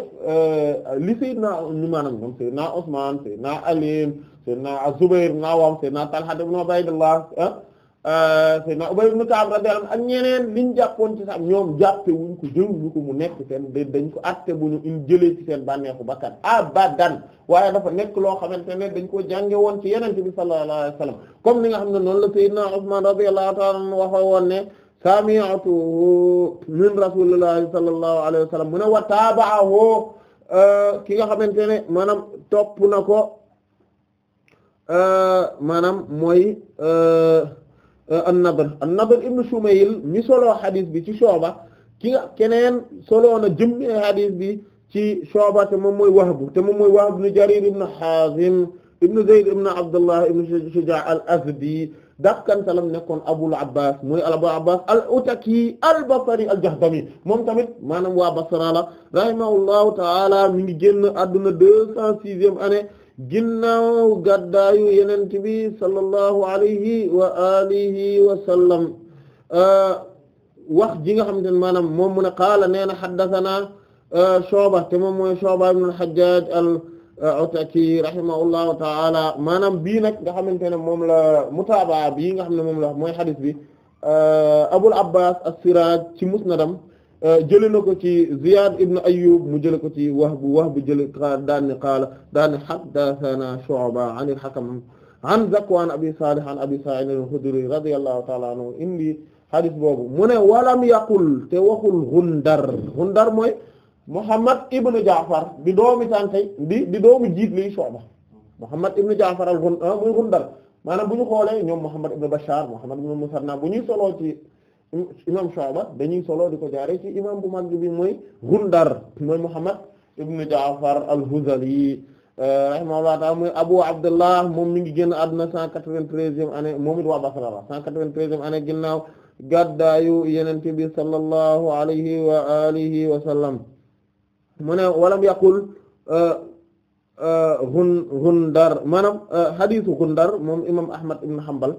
Speaker 2: li sayyidina maanaam moom sayyidina Usman sayyidina Ali sayyidina Az-Zubayr naa wam sayyidina Talha Euh, Seydina Ubay ibn Ka'b radiyallahu anhu ak ñeneen liñ jàppoon ci sax ñoom jàppe wuñ ko jëwuñu ko mu nekk seen dañ ko atte bu ñu in jëlee ci seen bànneexu bakkan abadan waaye dafa nekk loo xamante ne dañ ko jànge woon ci Yonent bi sallallahu alayhi wa sallam comme ni nga xam ne noonu la Seydina Usman radiyallahu ta'ala anhu waxa woon ne sami'tuhu min rasulillahi sallallahu alayhi wa sallam mu euh, ki nga xamante ne maanaam topp na ko euh, maanaam mooy Euh, an-Nadr an-Nadr ibn Shumayl mi solo xadis bi ci Shu'ba ki nga keneen solo na jëmmi xadis bi ci Shu'ba te moom mooy Wahb te moom mooy Wahb ibn Jarir ibn Hazim ibn Zayd ibn Abdullah ibn Shuja' al-Azdi dakkantalam nekkoon Abul Abbas muy Abu Abbas al-Utaki al-Basri al-Jahdami moom tamit maanaam waa Basra la rahimahullahu ta'ala mi ngi génn àdduna deux cent sixième année ginnaaw gàddaayu yenent bi sallallahu alayhi wa alihi wa sallam wax ji nga xamante ne maanaam moom mu ne qaala nee na xaddasanaa Shu'ba te moom mooy Shu'ba ibn al-Hajjaj al-Ataki rahimahullahu ta'ala maanaam bii nag nga xamante ne moom la mutaabaa bii nga xam ne moom la mooy xadis bi Abul Abbas as-Siraj ci musnadam Euh, jëlee na ko ci Ziyad ibn Ayyub mu jëlee ko ci Wahb Wahb jëlee daan na qaala daan na haddathana Shu'ba an al-Hakam an Zakwan Abi Salih an Abi Sa'id al-Khudri radiyallahu ta'ala anhu indi hadith boobu mu ne walam yaqul te waxul Ghundar Ghundar mooy Muhammad ibn Ja'far di doomi tànkay di di doomi jiit li Shu'ba Muhammad ibn Ja'far al-Ghundar muy Ghundar maanaam bu ñu xoolee ñoom Muhammad ibn Bashar Muhammad ibn Musanna bu ñuy solo ci. imam Shu'ba dañuy solo di ko jaaree ci imam bu mag bi mooy Gundar mooy Muhammad ibn Ja'far al-Huzali euh, rahimahullah ta'ala mooy Abu Abdullah moom mi ngi génn àdduna 193e année moom it waa Basra la 193e année ginnaaw gàddaayu yenente bi sallallahu alayhi wa alihi wa sallam mu ne walam yaqul hun euh, euh, Gundar maanaam hadithu Gundar moom imam Ahmad ibn Hanbal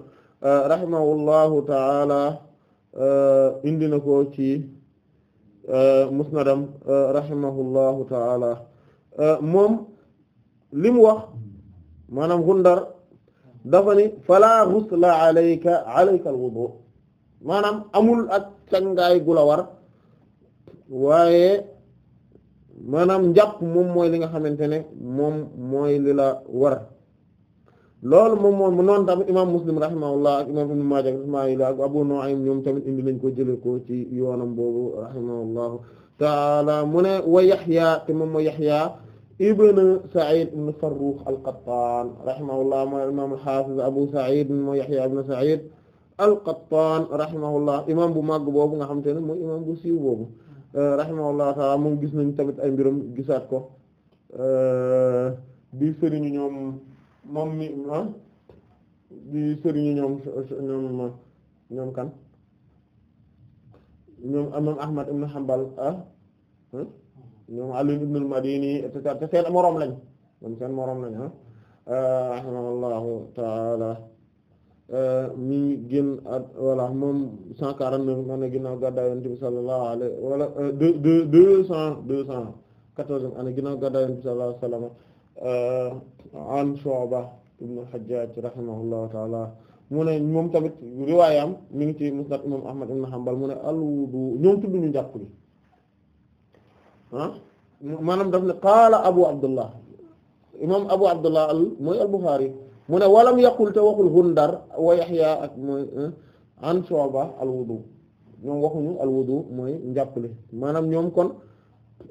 Speaker 2: rahimahullahu ta'ala Euh, indi na ko ci euh, musnadam euh, rahimahullahu taala moom li mu wax maanaam Gundar dafa ni fala ghusla alayka alayka alwudu maanaam amul ak cangaay gula war waaye maanaam njàpp moom mooy li nga xamante ne moom mooy li la war loolu moom moom noonu tamit imaam muslim rahimahullah ak imaam ibn Maaja ak Ismaayil ak Abu Nu'aym ñoom tamit indi lañ ko jëlee ko ci yoonam boobu rahimahullahu taala mu ne wa Yaxya te moom mooy Yaxya ibn Sa'id ibn Farrukh al-Qattan rahimahullah mooy imaam al-Hafiz Abu Sa'id mooy Yaxya bu màgg boobu nga xam te ne mooy imaam bu siiw boobu rahimahullah taala moom gis nañ tamit ay mbiram gisaat ko di sëriñu ñoom. moom mi ah di sëriñu ñoom ñoom kan ñoom imam ah, Ahmad ibn Hanbal ah, ah ñoom Ali ibn al-Madini et seen moroom lañ ñoom seen moroom lañ ah, ah rahimahullahu ta'ala euh, mi génn at moom cent quarante-neuf man a ginnaaw gàddaay Yonent bi sallallahu alayhi wala euh, deux deux deux cent deux cent quatorze ana ginnaaw gàddaay Yonent bi sallallahu alayhi wa sallam an Shu'ba ibn al-Hajjaj rahimahullahu mu ne moom tamit riwaayam mi ngi ci Musnad imam Ahmad ibn Hanbal mu ne al-wudu ñoom tudd ñu jàpp li ah, maanaam daf ne qaala Abu Abdullah imam Abu Abdullah al mooy al mu ne walam yaqul te waxul Hundar wa Yahya ak mooy eh, an Shu'ba al ñoom waxuñu al mooy njàpp maanaam ñoom kon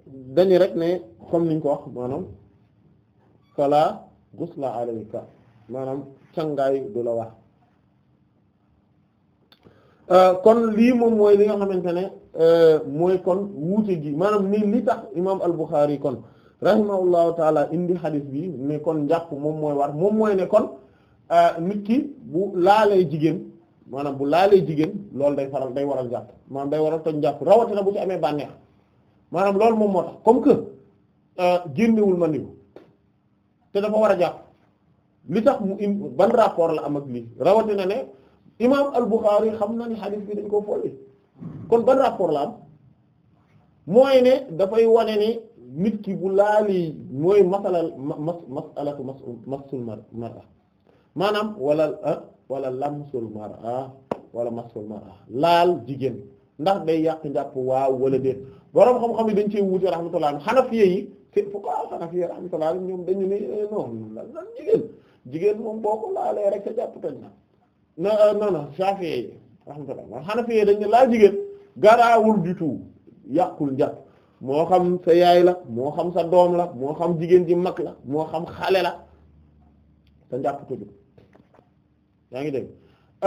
Speaker 2: dañu rek ne comme niñ ko wax maanaam falaa gusla alayka maanaam cangaay du la wax euh, kon lii moom mooy li nga xamante ne euh, mooy kon wuute gi maanaam ni li tax imaam al-Bukhari kon rahimahullahu taala indi xadis bi ne kon njàpp moom mooy war moom mooy ne kon euh, nit ki bu laalee jigéen maanaam bu laalee jigéen loolu day faral day waral jàpp maanaam day waral toj njàpp rawatina bu ci amee bànneex maanaam loolu moom moo tax comme que génnewul ma niwu te dafa war a jàpp li tax mu im ban rapport la am ak lii rawatina ne imaam al-Bukhari xam na ni xadis bi dañ koo folli kon ban rapport la am mooy ne dafay wane ni nit ki bu laali mooy masalal mas masalatu mas mara maanaam wala ah, wala lamsul mara wala masul mara laal jigéen ndax day yàq njàpp waaw wala déet borom xam-xam yi dañ cee wuute rahmatullah xanafiye yi seen fuqaha Hanafi rahmatullah ñoom dañu ne eh, non lan jigéen jigéen moom boo ko lee rek sa jàpp toj na na euh, non non Shafi'i garaawul du tout moo xam sa yaay la moo xam sa doom la moo xam jigéen ji mag la moo xam xale la sa njàpp tojul yaa ngi dégg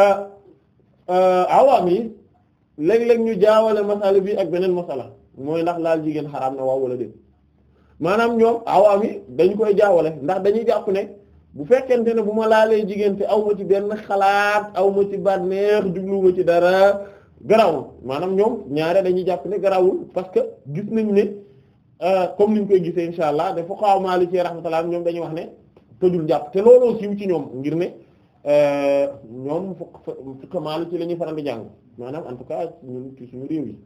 Speaker 2: euh, euh, awaam yi léeg-léeg ñu jaawale masala bi ak beneen masala mooy ndax laal jigéen xaraam na waaw wala déet maanaam ñoom awaam yi dañ koy jaawale ndax dañuy jàpp ne bu fekkente ne bu ma laalee jigéen te aw ma ci benn xalaat aw ma ci bànneex jublu ma ci dara garawul maanaam ñoom ñaare dañuy jàpp ne garawul parce que gis nañ ne euh, comme niñ koy gisee insha allah dafa xaw maali ci rahmatullah ñoom dañuy wax ne tëjul jàpp te looloo siiw ci ñoom ngir ne euh, ñoom fukk maali ci la ñuy faral di jàng maanaam en tout cas ci suñu réew yi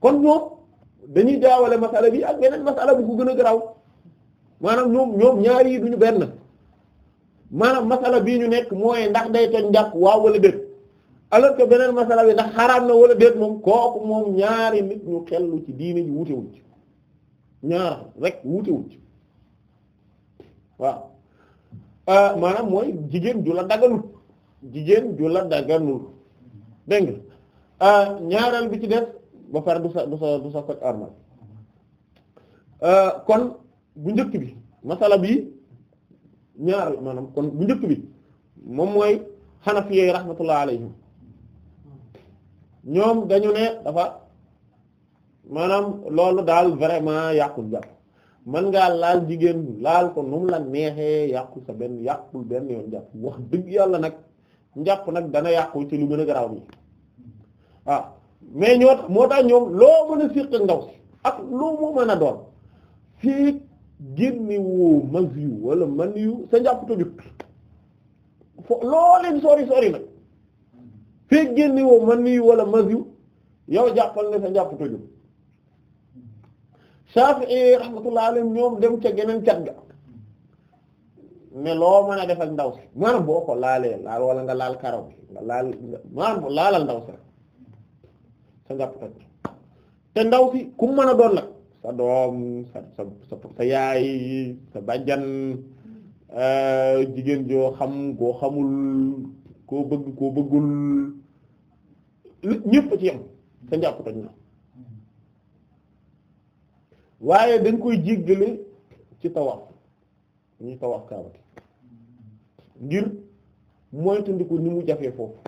Speaker 2: kon ñoom dañuy jaawale masala bi ak beneen masala bu ko gën a garaaw maanaam ñoom ñoom ñaari yi duñu benn maanaam masala bii ñu nekk mooy ndax day toj njàpp waaw wala déet alors que beneen masala bi ndax xaraam na wala déet moom kooku moom ñaari nit ñu xellu ci diine ji wutewuñ ci ñaar rek wutewuñ ci waaw euh, maanaam mooy jigéen ju la daganul jigéen ju la daganul dégg euh, bi ci def ba pare du sa du sa du sa armal euh, kon bu njëkk bi masala bi ñaar maanaam kon bu njëkk bi moom mooy xanafiyey rahmatullah alayhim ñoom dañu ne dafa maanaam loolu daal vraiment yàqul jàpp man ngaa laal jigéen laal ko nu mu la neexee yàqul sa benn yàqul benn yoon jàpp wax dëgg yàlla nag njàpp nag dana yàqu ci lu gën a garaaw bi ah, mais ñoo moo tax ñoom loo mën a siq ndaw si ak loo mën a doon fii génne woo mag yu wala man yu sa njàpp tojut fo loo leen sori nag fii génne man yu wala mag yu yow jàppal ne sa njàpp tojut Shafi'i rahmatullah alayhi ñoom dem ca geneen cat ga ne loo mën a defal ndaw si maanaam boo ko laalee laal wala nga laal karaw bi nga laal maanaam laalal ndaw si sa njàpp toj te ndaw si ku mën a doon nag sa doom sa sa yaay sa bàjjan euh, jigéen joo xam koo xamul koo bëgg koo bëggul ñëpp ci yam sa njàpp toj na waaye dañ koy jéggale ci tawaaf ñuy tawaaf kaaba ngir moytandiku ni mu jafee foofu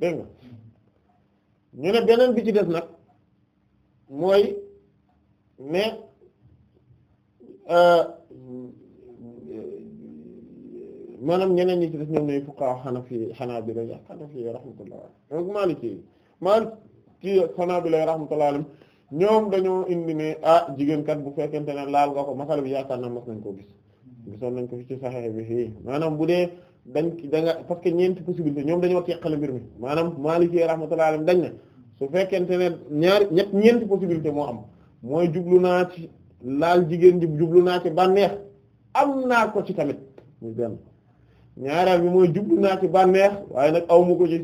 Speaker 2: dégg ñu ne beneen bi ci def nag mooy ne euh, maanaam ñeneen ñi ci des ñoom ñooy fuqaha xanafi xanaabila xanafi rahmatullah ak maliki maliki xanaabila rahmatullah alayhim ñoom dañoo indi ne ah, jigéen kat bu fekkente ne laal nga ko bi yaakaar naa mas nañ koo gis gisoon nañ ko fi ci saxeex bi fii maanaam bu dee dañ da nga parce que ñeenti possibilité ñoom dañoo teqale mbir mi maanaam Maliki rahmatullahi alayhi dañ na su fekkente ne ñaari ñett ñeenti possibilité moo am mooy jublu naa ci laal jigéen ji jublu naa ci bànneex am naa ko ci tamit muy benn ñaareel bi mooy jublu naa ci bànneex waaye nag aw ma ko ci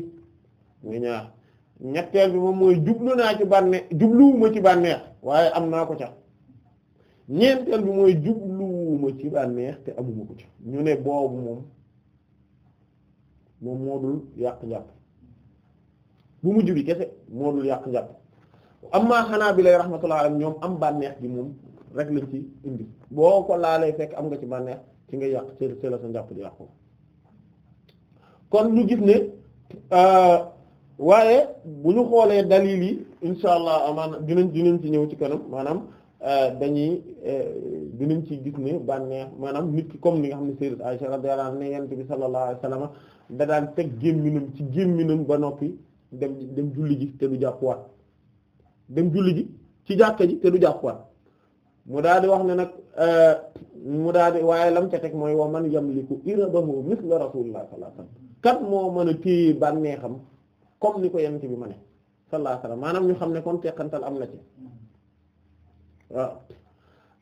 Speaker 2: muy ñaar bi moom jublu naa ci bànneex jubluwuma ci bànneex waaye am naa ko ca ñeenteel bi mooy jubluwuma ci bànneex te amuma ko ca ñu ne boobu moom moom moo dul yàq njàpp bu mujj bi kese moo dul yàq njàpp amma Hanaabila rahmatullahi alayhim ñoom am bànneex bi moom rek lañ ci indi boo ko laalee fekk am nga ci bànneex ci nga yàq ci ci la sa njàpp di yàqu kon ñu gis ne euh, waaye bu ñu xoolee dalil yi insha allah amaana dinañ dinañ ci ñëw ci kanam maanaam euh, dañuy euh, dinañ ci gis ne bànneex maanaam nit ki comme li nga xam ne sayyidat Aisha radiyallahu anha yonent bi sallallahu alayhi wasallam da daan teg gémminam ci gémminam ba noppi dem dem julli ji te du jàppuwaat dem julli ji ci jàkka ji te du jàppuwaat mu daal di wax ne nag euh, mu daal di waaye lam ca teg mooy wa man yamliku irabahu misla rasulullah sallallahu alayhi wasallam kat moo mën a téye bànneexam comme ni ko yonent bi ma ne sallallahu alayhi wasallam maanaam ñu xam ne kon teqantal am na ci waaw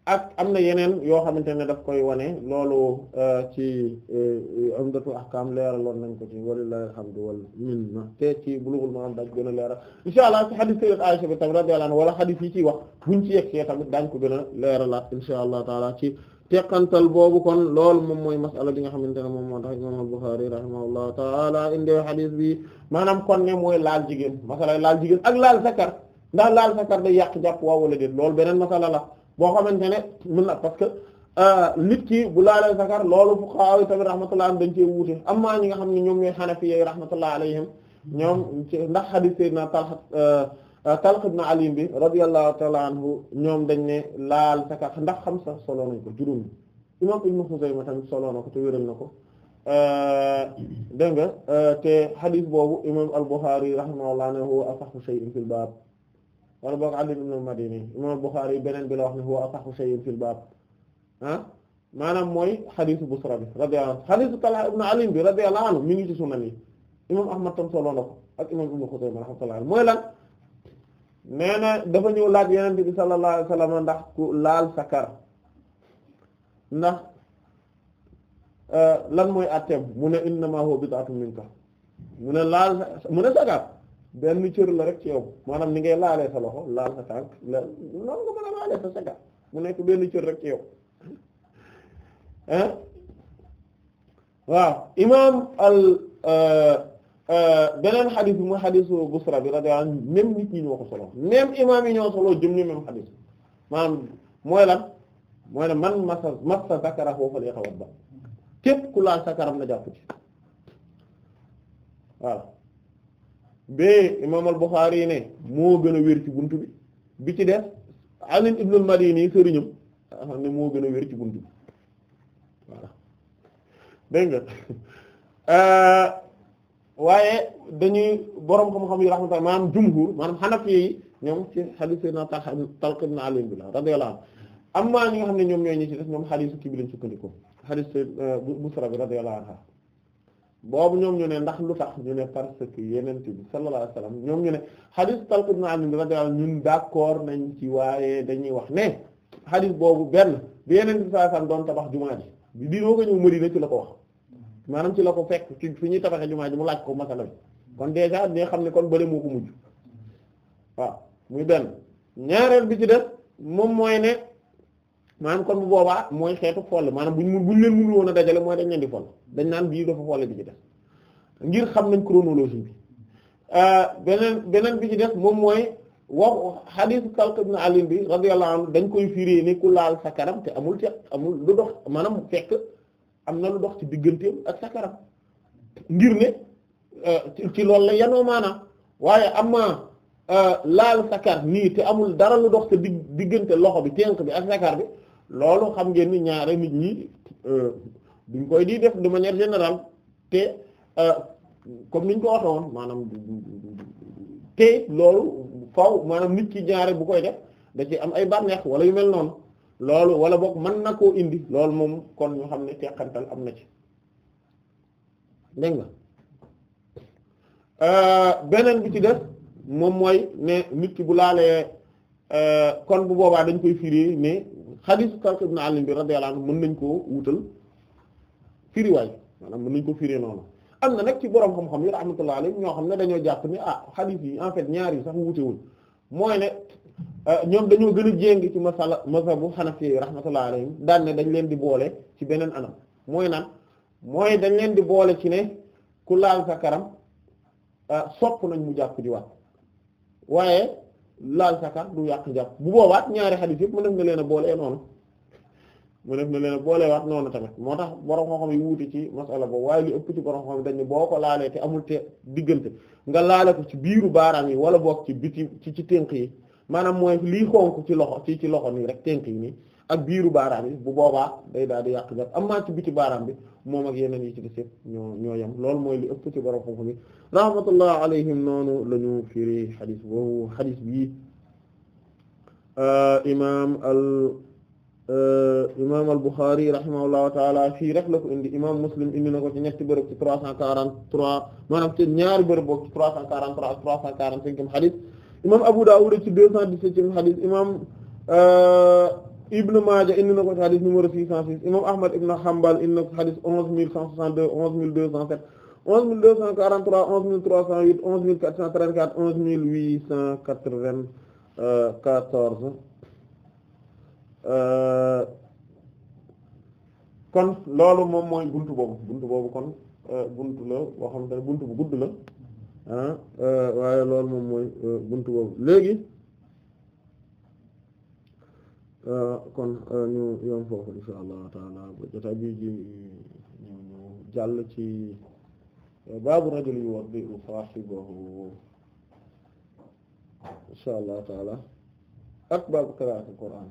Speaker 2: ak am na yeneen yoo xamante ne daf koy wane loolu euh, ci euh, Umdatul Ahkam leeraloon nañ ko ci walillahi alhamdu wal minna te ci Bulughul Maram dañ gën a leeral insha allah ci hadith sayyidat Aisha bi tam radiyallahu anha wala hadith yi ci wax buñ ci yegsee tamit daañ ko gën a leeralaat insha allah taala ci teqantal boobu kon loolu moom mooy masala bi nga xamante ne moom moo tax imam al-Bukhari rahimahullahu taala indee hadith bi maanaam kon ne mooy laal jigéen masala laal jigéen ak laal zakar ndax laal zakar day yàq jàpp waaw wala déet loolu beneen masala la boo xamante ne mën na parce que euh, nit ki bu laalee zakar loolu fuqaha yi tamit rahmatullah dañ cee am amma ñi nga xam ne ñoom ñooy xanafi yi rahmatullah alayhim ñoom ndax hadith sayyidina Talha euh, euh, Talq na Ali bi radiyallahu ta'ala anhu ñoom dañ ne laal zakar ndax xam sax solo nañ ko juróom imam Ibn Khuzaymah tamit solo na ko te wéral na ko dégg nga te hadith boobu imam al-Bukhari rahimahullah ne huwa asahhu shay'in fil baab wala boog Ali ibn al-Madini imam Bukhari beneen bi la wax ne huwa asahhu shay'in fil baab ah maanaam mooy xadiisu Busra bi radiyallahu anhu xadiisu Talha ibn Ali bi radiyallahu anhu mi ngi ci sunan yi imam Ahmad tam solo na ko ak imam Ibn Khuzaymah rahmatullahi mooy lan nee na dafa ñëw laaj Yonent bi sallallahu alayhi wa sallam ndax ku laal sakar ndax euh, lan mooy atteem mu ne innamaa huwa bid'atun minka mu ne laal mu ne sakar benn cër la rek ci yow maanaam ni ngay laalee sa loxo laal sa tànk la noonu nga mën a laalee sa saga mu nekk benn cër rek ci yow ah waaw imaam al euh, euh, beneen xadis bi mooy Busra bi radiyallahu anhu nit ñi ñoo ko solo même imaam yi ñoo solo jëm ni même maanaam mooy lan mooy ne man masa masa zakara foofu lay xawat ba képp ku laal sa na jàpp ci waaw bee imaam al-Bukhari ne moo gën a wér ci bunt bi bi ci def Ali ibn al-Madini sëriñam xam moo gën a wér ci buntu bi voilà dégg nga euh, waaye dañuy borom xam-xam yi rahmatullah maanaam jumhur maanaam Hanafi yi ñoom ci hadith Sayyidina Talq ibn Ali bi la radiyallahu anhu amma ñi nga xam ne ñoom ñooy ñi ci def ñoom hadith kii bi lañ sukkandiku hadith euh, Busra bi radiyallahu anha boobu ñoom ñu ne ndax lu tax ñu ne parce que yeneen bi sallallahu alayhi wasallam ñoom ñu ne hadith Talq ibn Amr radiyallahu ñun d'accord nañ ci waaye dañuy wax ne hadith boobu benn bi yeneen bi sallallahu alayhi wasallam doon tabax jumaa ji di doo ko ñëw Madina ci la ko wax maanaam ci la ko fekk ci fi ñuy tabaxee jumaa ji mu laaj ko masala bi kon déjà ñi xam ne kon bële moo ko mujj waaw muy benn ñaareel bi ci def moom mooy ne maanaam kon bu boobaa mooy xeetu folle maanaam buñ mun buñ leen mun woon a dajale mooy dañ leen di folle naan bii dafa folle bi ci des ngir xam nañ chronologie bi euh, beneen beneen bi ci des moom mooy wax xadiisu Talq ibn Ali bi radiyallahu anhu dañ koy firi ni ku laal sa te amul te amul lu dox maanaam fekk am na lu dox ci digganteem ak sa ngir ne euh, ci loolu la yanoo maanaam waaye amaa euh, laal sakar nii te amul dara lu dox te diggante loxo bi tenk bi ak sakar bi loolu xam ngeen ni ñaare nit ñi euh, duñ koy di def de manière générale te euh, comme niñ ko waxoon maanaam te loolu faw maanaam nit ki ñaare bu koy def da ci am ay bànneex wala yu mel noonu loolu wala boog man na koo indi loolu moom kon ñu xam ne teqantal am na ci dégg nga euh, beneen bi ci def moom mooy ne nit ki bu laalee kon bu boobaa dañ koy firi ne xadiisu Talq ibn Ali bi radiyallahu anhu mën nañ koo wutal firiwaay maanaam mën nañ ko firi noonu am na nag ci borom xam-xam yi rahmatullahi alayhi ñoo xam ne dañoo jàpp ni ah xadiis yi en fait ñaar yi sax wutewul mooy ne euh, ñoom dañoo gën a jéng ci masala mazhabu Hanafi rahmatullahi alayhi daan ne dañ leen di boole ci beneen anam mooy naan mooy dañ leen di boole ci ne ku laal sa karam euh, sopp nañ mu jàpp di waat waaye laal sakaat du yàq jàpp bu boobaat ñaari xadiis yëpp mu def na leen a boolee noonu mu def na leen a booleewaat noonu tamit moo tax borom xam-xam yi wuute ci masala boobu waaye li ëpp ci borom xam-xam dañ ne boo ko laalee te amul te diggante nga laale ko ci biiru baaraam yi wala boog ci biti ci ci tënk yi maanaam mooy lii xonk ci loxo ci ci loxo nii rek tënk yi nii ak biiru baaraam bi bu boobaa day daal di yàq jàpp amaa ci biti baaraam bi moom ak yeneen yi ci di sëf ñoo ñoo yem loolu mooy li ëpp ci borom xam bi rahmatullah alayhim noonu la ñu firi xadis boobu xadis bii euh, imaam al euh, imaam al Bukhari rahimahullahu taala fii rek la ko indi imaam Muslim indi na ko ci ñetti bërëb ci 343 maanaam ci ñaari bërëb boog ci 343 ak 345 xadis imaam Abu Dawud ci 217 xadis euh, Ibn Maaja indi na ko ci xadis numéro 606 imam Ahmad Ibn Hanbal indi na ko ci xadis 11162 11207 11243 11308 11434 11894 kon loolu moom mooy buntu boobu buntu boobu kon euh, buntu la boo xamante ne buntu bu gudd la euh, waaye loolu moom mooy euh, buntu boobu léegi. Euh, kon euh, ñu yoon foofu insha allah taala bu jotaa bi ji ñu ñu jàll ci euh, baabu rajul yuwaddi'u saahibahu insha allah taala ak baabu qira'atul qur'an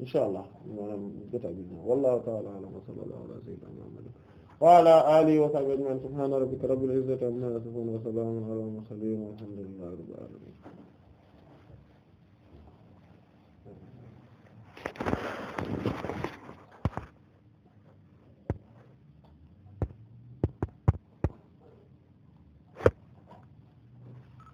Speaker 2: insha allah maanaam jotaa bi ñu wallahu taala a'lam wa sallallahu ala sayyidina muhammadin wa ala alihi wa sahbihi ajma'in subhana rabbika rabbil izzati amma yasifun wa salamun ala al mursalin walhamdulillahi
Speaker 1: rabbil alamin